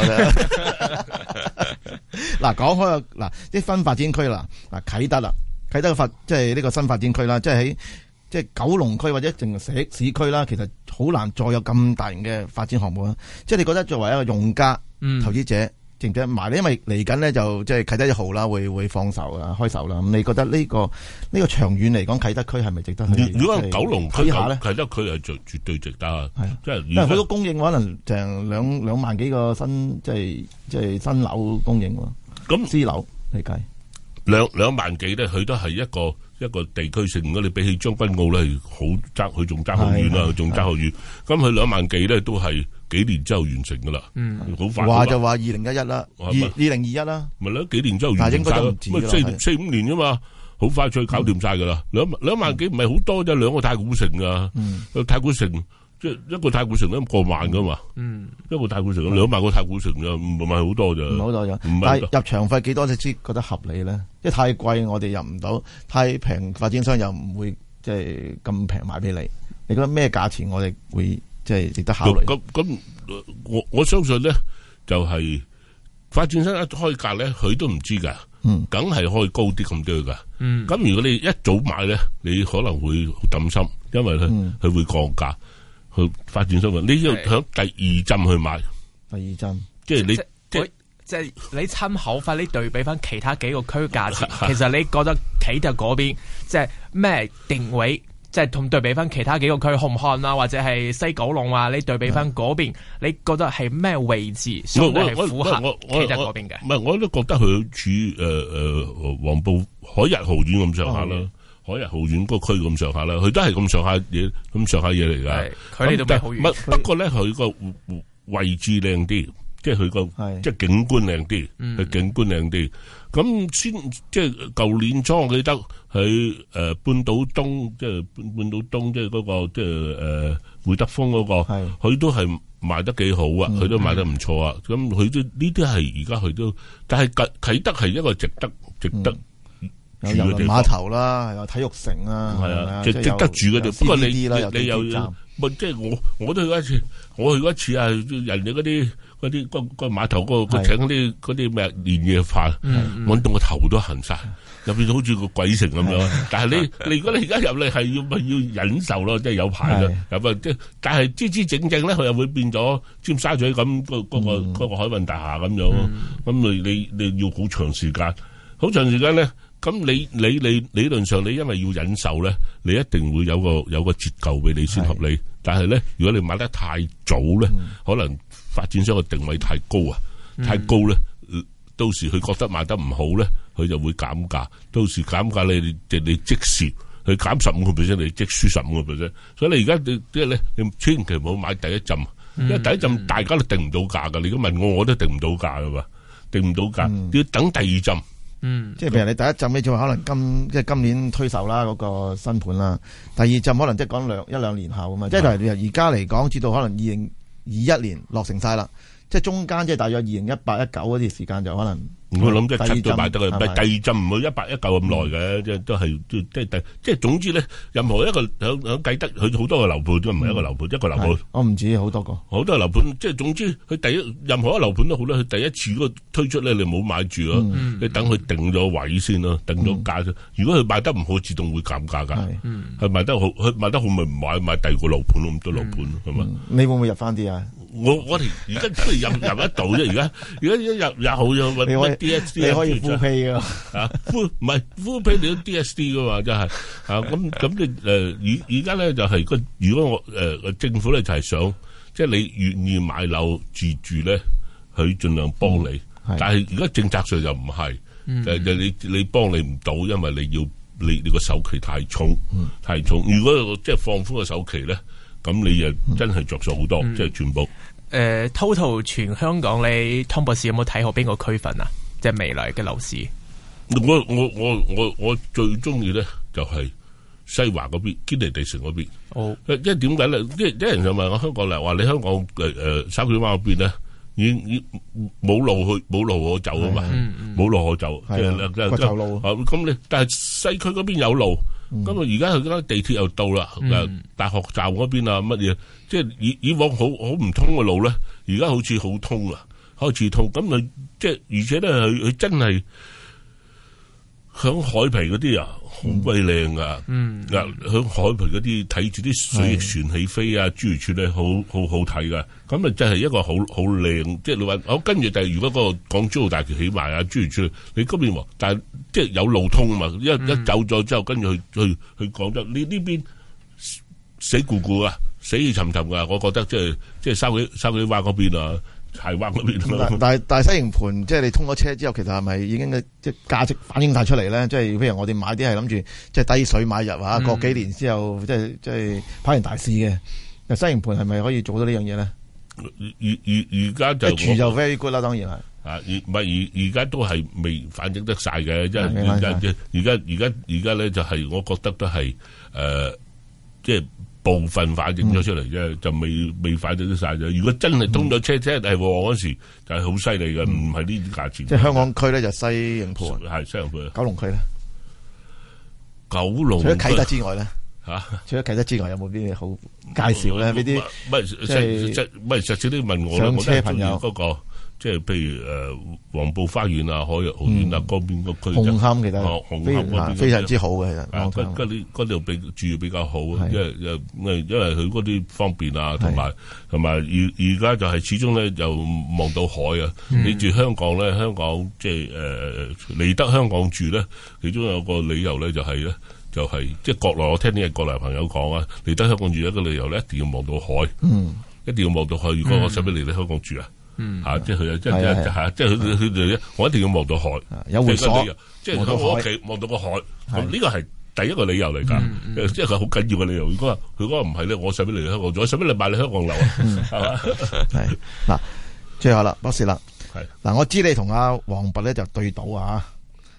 嗱，講 [LAUGHS] [LAUGHS] 開嗱，啲新發展區啦，嗱啟德啦，啟德嘅發即係呢個新發展區啦，即係喺。即係九龍區或者淨係市區啦，其實好難再有咁大型嘅發展項目啦。即、就、係、是、你覺得作為一個用家、嗯、投資者，值唔值得買咧？因為嚟緊咧就即係、就是、啟德一號啦，會會放手啊，開售啦。咁你覺得呢、這個呢、這個長遠嚟講，啟德區係咪值得？如果係九龍區下咧，啟德區係絕對值得的。係啊，即係佢都供應可能成兩兩萬幾個新即係即係新樓供應喎。咁私那樓你計兩兩萬幾咧，佢都係一個。一個地區性，如果你比起將軍澳咧，好爭，佢仲爭好遠啊，仲爭好遠。咁佢兩萬幾咧，都係幾年之後完成噶啦，好快。話就話二零一一啦，二二零二一啦。咪咧幾年之後完？嗱，應該就唔止啦。四四五年啫嘛，好快就搞掂晒噶啦。兩兩萬幾唔係好多啫，兩個太古城啊，太古城。即係一個太古城都過萬噶嘛，一個太古城兩萬個太古城咋，唔係好多咋。唔好多咋，但係入場費幾多先覺得合理咧即係太貴我哋入唔到，太平發展商又唔會即係咁平買俾你。你覺得咩價錢我哋會即係值得考慮？咁咁我我相信咧，就係發展商一開價咧，佢都唔知噶，梗係開高啲咁多噶。咁如果你一早買咧，你可能會擔心，因為佢佢會降價。去發展商份，你要響第二鎮去買。第二鎮，即係你即係即係你參考翻，你對比翻其他幾個區價錢。 [LAUGHS] 其實你覺得啟德嗰邊即係咩定位，即係同對比翻其他幾個區，紅磡啊，或者係西九龍啊，你對比翻嗰邊，的你覺得係咩位置先係符合啟德嗰邊嘅？唔係我，我，我，我，我，我，我都覺得佢處於誒誒、呃呃、黃埔海逸豪園咁上下啦。海逸豪苑嗰個區咁上下啦，佢都係咁上下嘢，咁上下嘢嚟㗎。佢喺度咩？唔係，不過咧，佢個位置靚啲，即係佢個即係景觀靚啲，係景觀靚啲。咁先即係舊年初，我記得喺誒半島東，即係半半島東，即係嗰個即係誒匯德豐嗰個，佢都係賣得幾好啊，佢都賣得唔錯啊。咁佢都呢啲係而家佢都，但係啟啟德係一個值得值得。入碼頭啦，係啊，體育城是是啊，係、就、啊、是，即得住嗰度。D，不過你你又，要，即係我我都去一次，我去嗰一次係人哋嗰啲嗰啲個、嗰個碼頭嗰佢請啲嗰啲咩年夜飯，搵到個頭都痕晒，入的面好似個鬼城咁樣。 [LAUGHS] 但係你你如果你而家入嚟係要咪要忍受咯，即係有排咯，有咪即但係支支整整咧，佢又會變咗尖沙咀咁、嗰個嗰個嗰個海運大廈咁樣，咁、嗯、你你你要好長時間，好長時間咧。咁你你你理論上你因為要忍受咧，你一定會有個有個折舊俾你先合理。但係咧，如果你買得太早咧，可能發展商嘅定位太高啊，太高咧，到時佢覺得賣得唔好咧，佢就會減價。到時減價你即你即蝕，佢減十五個 percent，你即輸十五個 percent。所以你而家你即係咧，你千祈唔好買第一陣，因為第一陣大家都定唔到價㗎。你而家問我我都定唔到價㗎嘛，定唔到價，要等第二陣。嗯，即係譬如你第一浸呢就可能今即係今年推售啦，嗰、那個新盤啦，第二浸可能即係講兩一兩年後啊嘛，即係例如而家嚟講，至到可能二零二一年落成晒啦。即係中間，即係大約二零一八一九嗰段時間就可能。我諗即係七到八得嘅，唔係第二陣，唔會一八一九咁耐嘅，即係都係即係第，即係總之咧，任何一個響響計得，佢好多個樓盤都唔係一個樓盤，一個樓盤。我唔止好多個，好多樓盤，即係總之，佢第一任何一個樓盤都好啦。佢第一次嗰個推出咧，你唔好買住咯，你等佢定咗位先咯，定咗價咗。如果佢賣得唔好，自動會減價噶。係賣得好，佢賣得好咪唔買買第二個樓盤咯，咁多樓盤咯，係嘛？你會唔會入翻啲啊？我我哋而家都入入，入得到啫，而家而家一入入好咗，揾 D S D， [LAUGHS] 你可以呼氣噶吓呼，唔係呼氣你, S、就是 啊、你都 D S D 噶嘛，真係吓咁咁嘅，誒，而而家咧就係、是、個如果我誒、呃、政府咧就係想，即、就、係、是、你願意買樓自住咧，佢盡量幫你。嗯、但係而家政策上又唔係，就是、你你幫你唔到，因為你要你你個首期太重太重。嗯嗯、如果即係放寬個首期咧。咁你又真係着數好多，即係、嗯、全部。誒、嗯嗯呃、，total 全香港，你湯博士有冇睇好邊個區份啊？即、就、係、是、未來嘅樓市。我我我我我最中意咧，就係西環嗰邊，堅尼地城嗰邊。哦，即係點解咧？啲啲人就問我香港嚟話，你香港誒誒深水灣嗰邊咧？呃已已冇路去，冇路可走啊嘛！冇路可走，即係咧，即係即係，咁你但係西區嗰邊有路，咁啊而家佢而家地鐵又到啦，誒，大學站嗰邊啊乜嘢，即係以以往好好唔通嘅路咧，而家好似好通啊，開始通，咁啊，即係而且咧，佢佢真係響海皮嗰啲啊。好鬼靚，嗯，嗱喺、嗯啊、海平嗰啲睇住啲水翼船起飛啊，諸如此類咧，好好好睇噶，咁啊真係一個好好靚，即係你話我跟住第、就是，如果個港珠澳大橋起埋啊，諸如此類，你今邊、啊、但即係、就是、有路通嘛，一一走咗之後跟住去去去廣州，嗯、你呢邊死咕咕啊，的死氣沉沉噶，我覺得即係即係沙咀沙咀灣嗰邊啊。柴灣嗰邊咯，但係但係西營盤，即係你通咗車之後，其實係咪已經嘅即係價值反映晒出嚟咧？即係譬如我哋買啲係諗住即係低水買入啊，過、嗯、幾年之後即係即係跑完大市嘅，西營盤係咪可以做到呢樣嘢咧？而如如家就一住就 very good 啦，當然係啊，而唔係而而家都係未反映得晒嘅，即係而家而家而家咧就係我覺得都係誒，即、呃、係。就是部分反映咗出嚟啫，就未未反映得晒啫。如果真係通咗車車，係嗰陣時就係好犀利嘅，唔係呢啲價錢。即係香港區咧就西營盤，係西營盤。九龍區咧，九龍除咗啟德之外咧，吓？除咗啟德之外，有冇啲嘢好介紹咧？俾啲，唔係即係即係，唔係最少都要問我啦。上車朋友嗰個。即係譬如誒黃埔花園啊、海逸豪園啊嗰邊個區，紅磡記得，非常之好嘅其實啊，嗰嗰啲嗰度比住比較好，因為因為因為佢嗰啲方便啊，同埋同埋而而家就係始終咧又望到海啊！你住香港咧，香港即係誒嚟得香港住咧，其中有個個理由咧就係咧，就係即係國內我聽啲嘅國內朋友講啊，嚟得香港住一個理由咧一定要望到海，一定要望到海。如果我想唔嚟得香港住啊？嗯，吓，即係佢，即係，吓，即係佢，佢，我一定要望到海，有會所，即係喺我屋企望到個海，呢個係第一個理由嚟噶，即係佢好緊要嘅理由。如果佢嗰個唔係咧，我上邊嚟香港咗，上邊嚟賣你香港樓啊，係嘛？係嗱，最後啦，博士啦，係嗱，我知你同阿黃拔咧就對賭啊，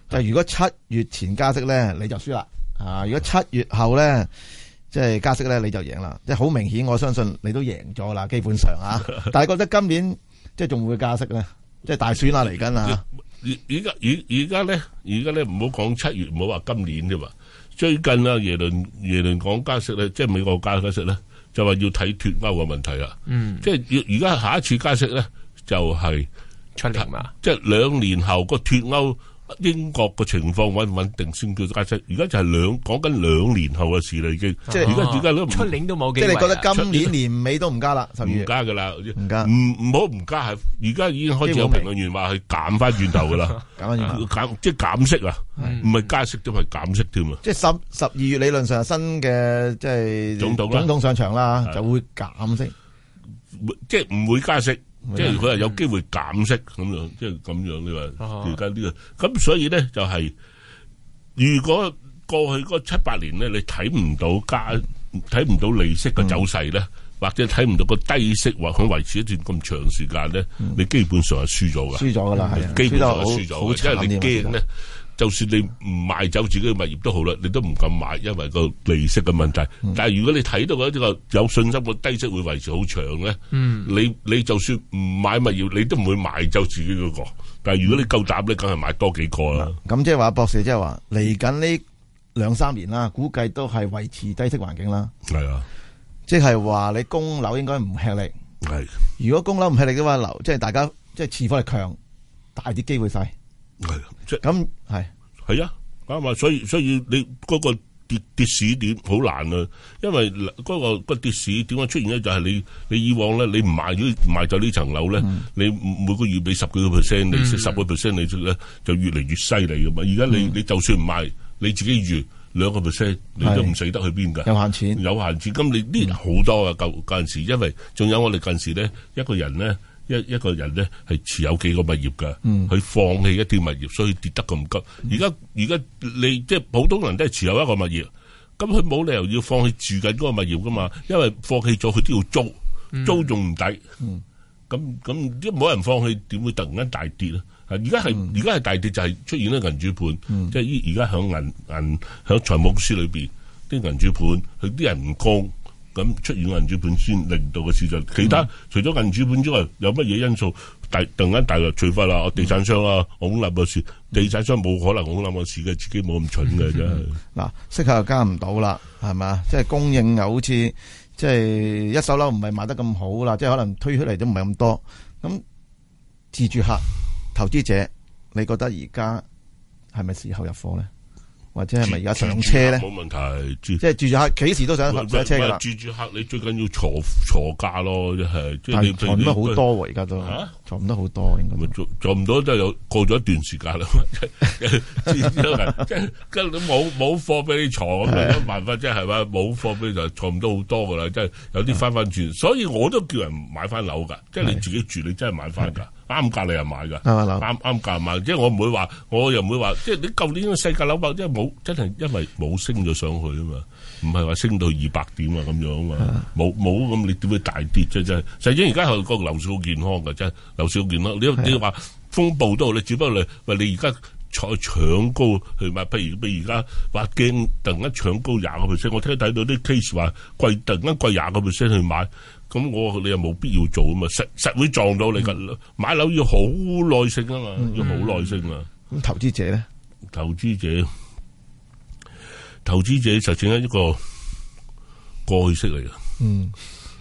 就如果七月前加息咧，你就輸啦，啊，如果七月後咧，即係加息咧，你就贏啦，即係好明顯，我相信你都贏咗啦，基本上啊，但係覺得今年。即係仲會加息咧？即係大選啦嚟緊啦！而而家而而家咧，而家咧唔好講七月，唔好話今年啫嘛。最近啊，耶倫耶倫講加息咧，即係美國加息咧，就話要睇脫歐嘅問題啦。嗯，即係而而家下一次加息咧，就係、是、即係兩年後個脫歐。英國嘅情況穩唔穩定先叫加息？而家就係兩講緊兩年後嘅事啦，已經。即係而家而家都唔出年都冇機會。即係你覺得今年年尾都唔加啦？十二月唔加噶啦，唔加。唔唔好唔加係，而家已經開始有評論員話係減翻轉頭噶啦，減翻轉頭減即係減息啊，唔係加息都係減息添啊。即係十十二月理論上新嘅即係總統總統上場啦，就會減息，即係唔會加息。即係佢係有機會減息咁樣，即係咁樣你話而家呢個咁，所以咧就係如果過去嗰七八年咧，你睇唔到加睇唔到利息嘅走勢咧，或者睇唔到個低息或者維持一段咁長時間咧，你基本上係輸咗㗎，輸咗噶啦，係，基本上係輸咗，因為你驚咧。就算你唔賣走自己嘅物業都好啦，你都唔敢買，因為個利息嘅問題。但係如果你睇到嘅呢個有信心個低息會維持好長咧，嗯、你你就算唔買物業，你都唔會賣走自己嗰個。但係如果你夠膽你梗係買多幾個啦。咁即係話博士就，即係話嚟緊呢兩三年啦，估計都係維持低息環境啦。係啊的，即係話你供樓應該唔吃力。係的，如果供樓唔吃力嘅話，樓即係大家即係似火力強，大啲機會晒。係，即係咁係係啊，啱嘛那的？所以所以你嗰個跌跌市點好難啊，因為嗰、那個那個跌市點解出現咧就係、是、你你以往咧你唔賣咗、嗯、賣走呢層樓咧，嗯、你每個月俾十幾個 percent、嗯、你十個 percent 你咧就越嚟越犀利噶嘛。而家你你就算唔賣，你自己預兩個 percent 是你都唔死得去邊噶，有限錢有限資金你呢好、嗯、多啊！舊陣時因為仲有我哋舊陣時咧一個人咧。一一個人咧係持有幾個物業嘅，佢放棄一啲物業，所以跌得咁急。而家而家你即係普通人都係持有一個物業，咁佢冇理由要放棄住緊嗰個物業噶嘛？因為放棄咗佢都要租，租仲唔抵。咁咁、嗯嗯、即冇人放棄，點會突然間大跌咧？而家係而家係大跌就係出現咧銀主盤，即係依而家響銀銀響財務公司裏邊啲銀主盤，佢啲人唔供。咁出現銀主盤先令到個市就，其他除咗銀主盤之外，有乜嘢因素大突然間大力催發啦？地產商啊，恐冧個市，地產商冇可能恐冧個市嘅，自己冇咁蠢嘅真係。嗱、嗯嗯嗯啊，息口又加唔到啦，係咪？即係供應又好似即係一手樓唔係賣得咁好啦，即係可能推出嚟都唔係咁多。咁自住客、投資者，你覺得而家係咪時候入貨咧？或者係咪而家上車咧？冇問題，住即係住住客幾時都想上車啦。住住客你最緊要坐坐價咯，即係即係坐，坐得好多喎，而家都、啊、坐唔得好多。應該坐坐唔到都有過咗一段時間啦。即係你你冇冇貨俾你坐咁樣，冇辦法即係係嘛冇貨俾你就坐唔到好多噶啦。即係有啲翻翻轉，的所以我都叫人買翻樓噶，即係你自己住你真係買翻噶。啱隔籬人買噶，啱啱啱買，即係我唔會話，我又唔會話，即係你舊年個世界樓價即係冇，真係因為冇升咗上去啊嘛，唔係話升到二百點啊咁樣啊嘛，冇冇咁你點會大跌啫？即係真係，實際而家係個樓市好健康噶，真係樓市好健康。你你話風暴都好，你只不過你喂你而家再搶高去買，譬如譬如而家話驚突然間搶高廿個 percent，我聽睇到啲 case 話貴突然間貴廿個 percent 去買。咁我你又冇必要做啊嘛，實實會撞到你噶。嗯、買樓要好耐性啊嘛，嗯、要好耐性啊。咁、嗯、投資者咧？投資者，投資者就淨係一個過去式嚟噶。嗯，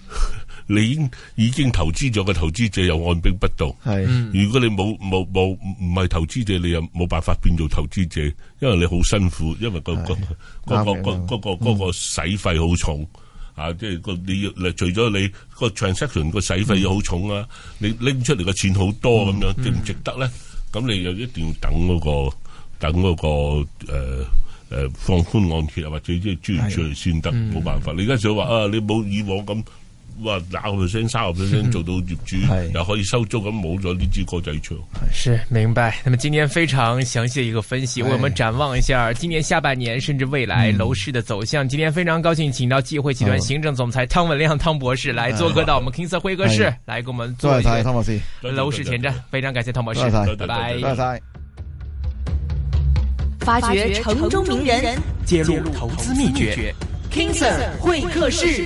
[LAUGHS] 你已經，已經投資咗嘅投資者又按兵不動。係、嗯，如果你冇冇冇唔係投資者，你又冇辦法變做投資者，因為你好辛苦，因為、嗰個、嗯因為嗰個、嗰個對、嗰個使費好重。嗯啊！即係個你要，除咗你個 transaction 個使費要好重啊，嗯、你拎出嚟嘅錢好多咁樣值唔、嗯、值得咧？咁你一定要等、嗰個等、嗰個誒誒、呃呃、放寬按揭啊，或者即係諸如此類，先得，冇是辦法。你而家想話、嗯、啊，你冇以往咁。哇！兩個 percent、三個 percent 做到業主又可以收租咁，冇咗呢支歌仔唱。係，明白，那麼今天非常詳細的一個分析，為我們展望一下今年下半年甚至未來樓市的走向。今天非常高興，請到紀惠集團行政總裁湯文亮湯博士來做客到我們 King Sir 會客室，來給我們做一下湯博士樓市前瞻。非常感謝湯博士，拜拜。發掘城中名人，揭露投資秘訣，King Sir 會客室。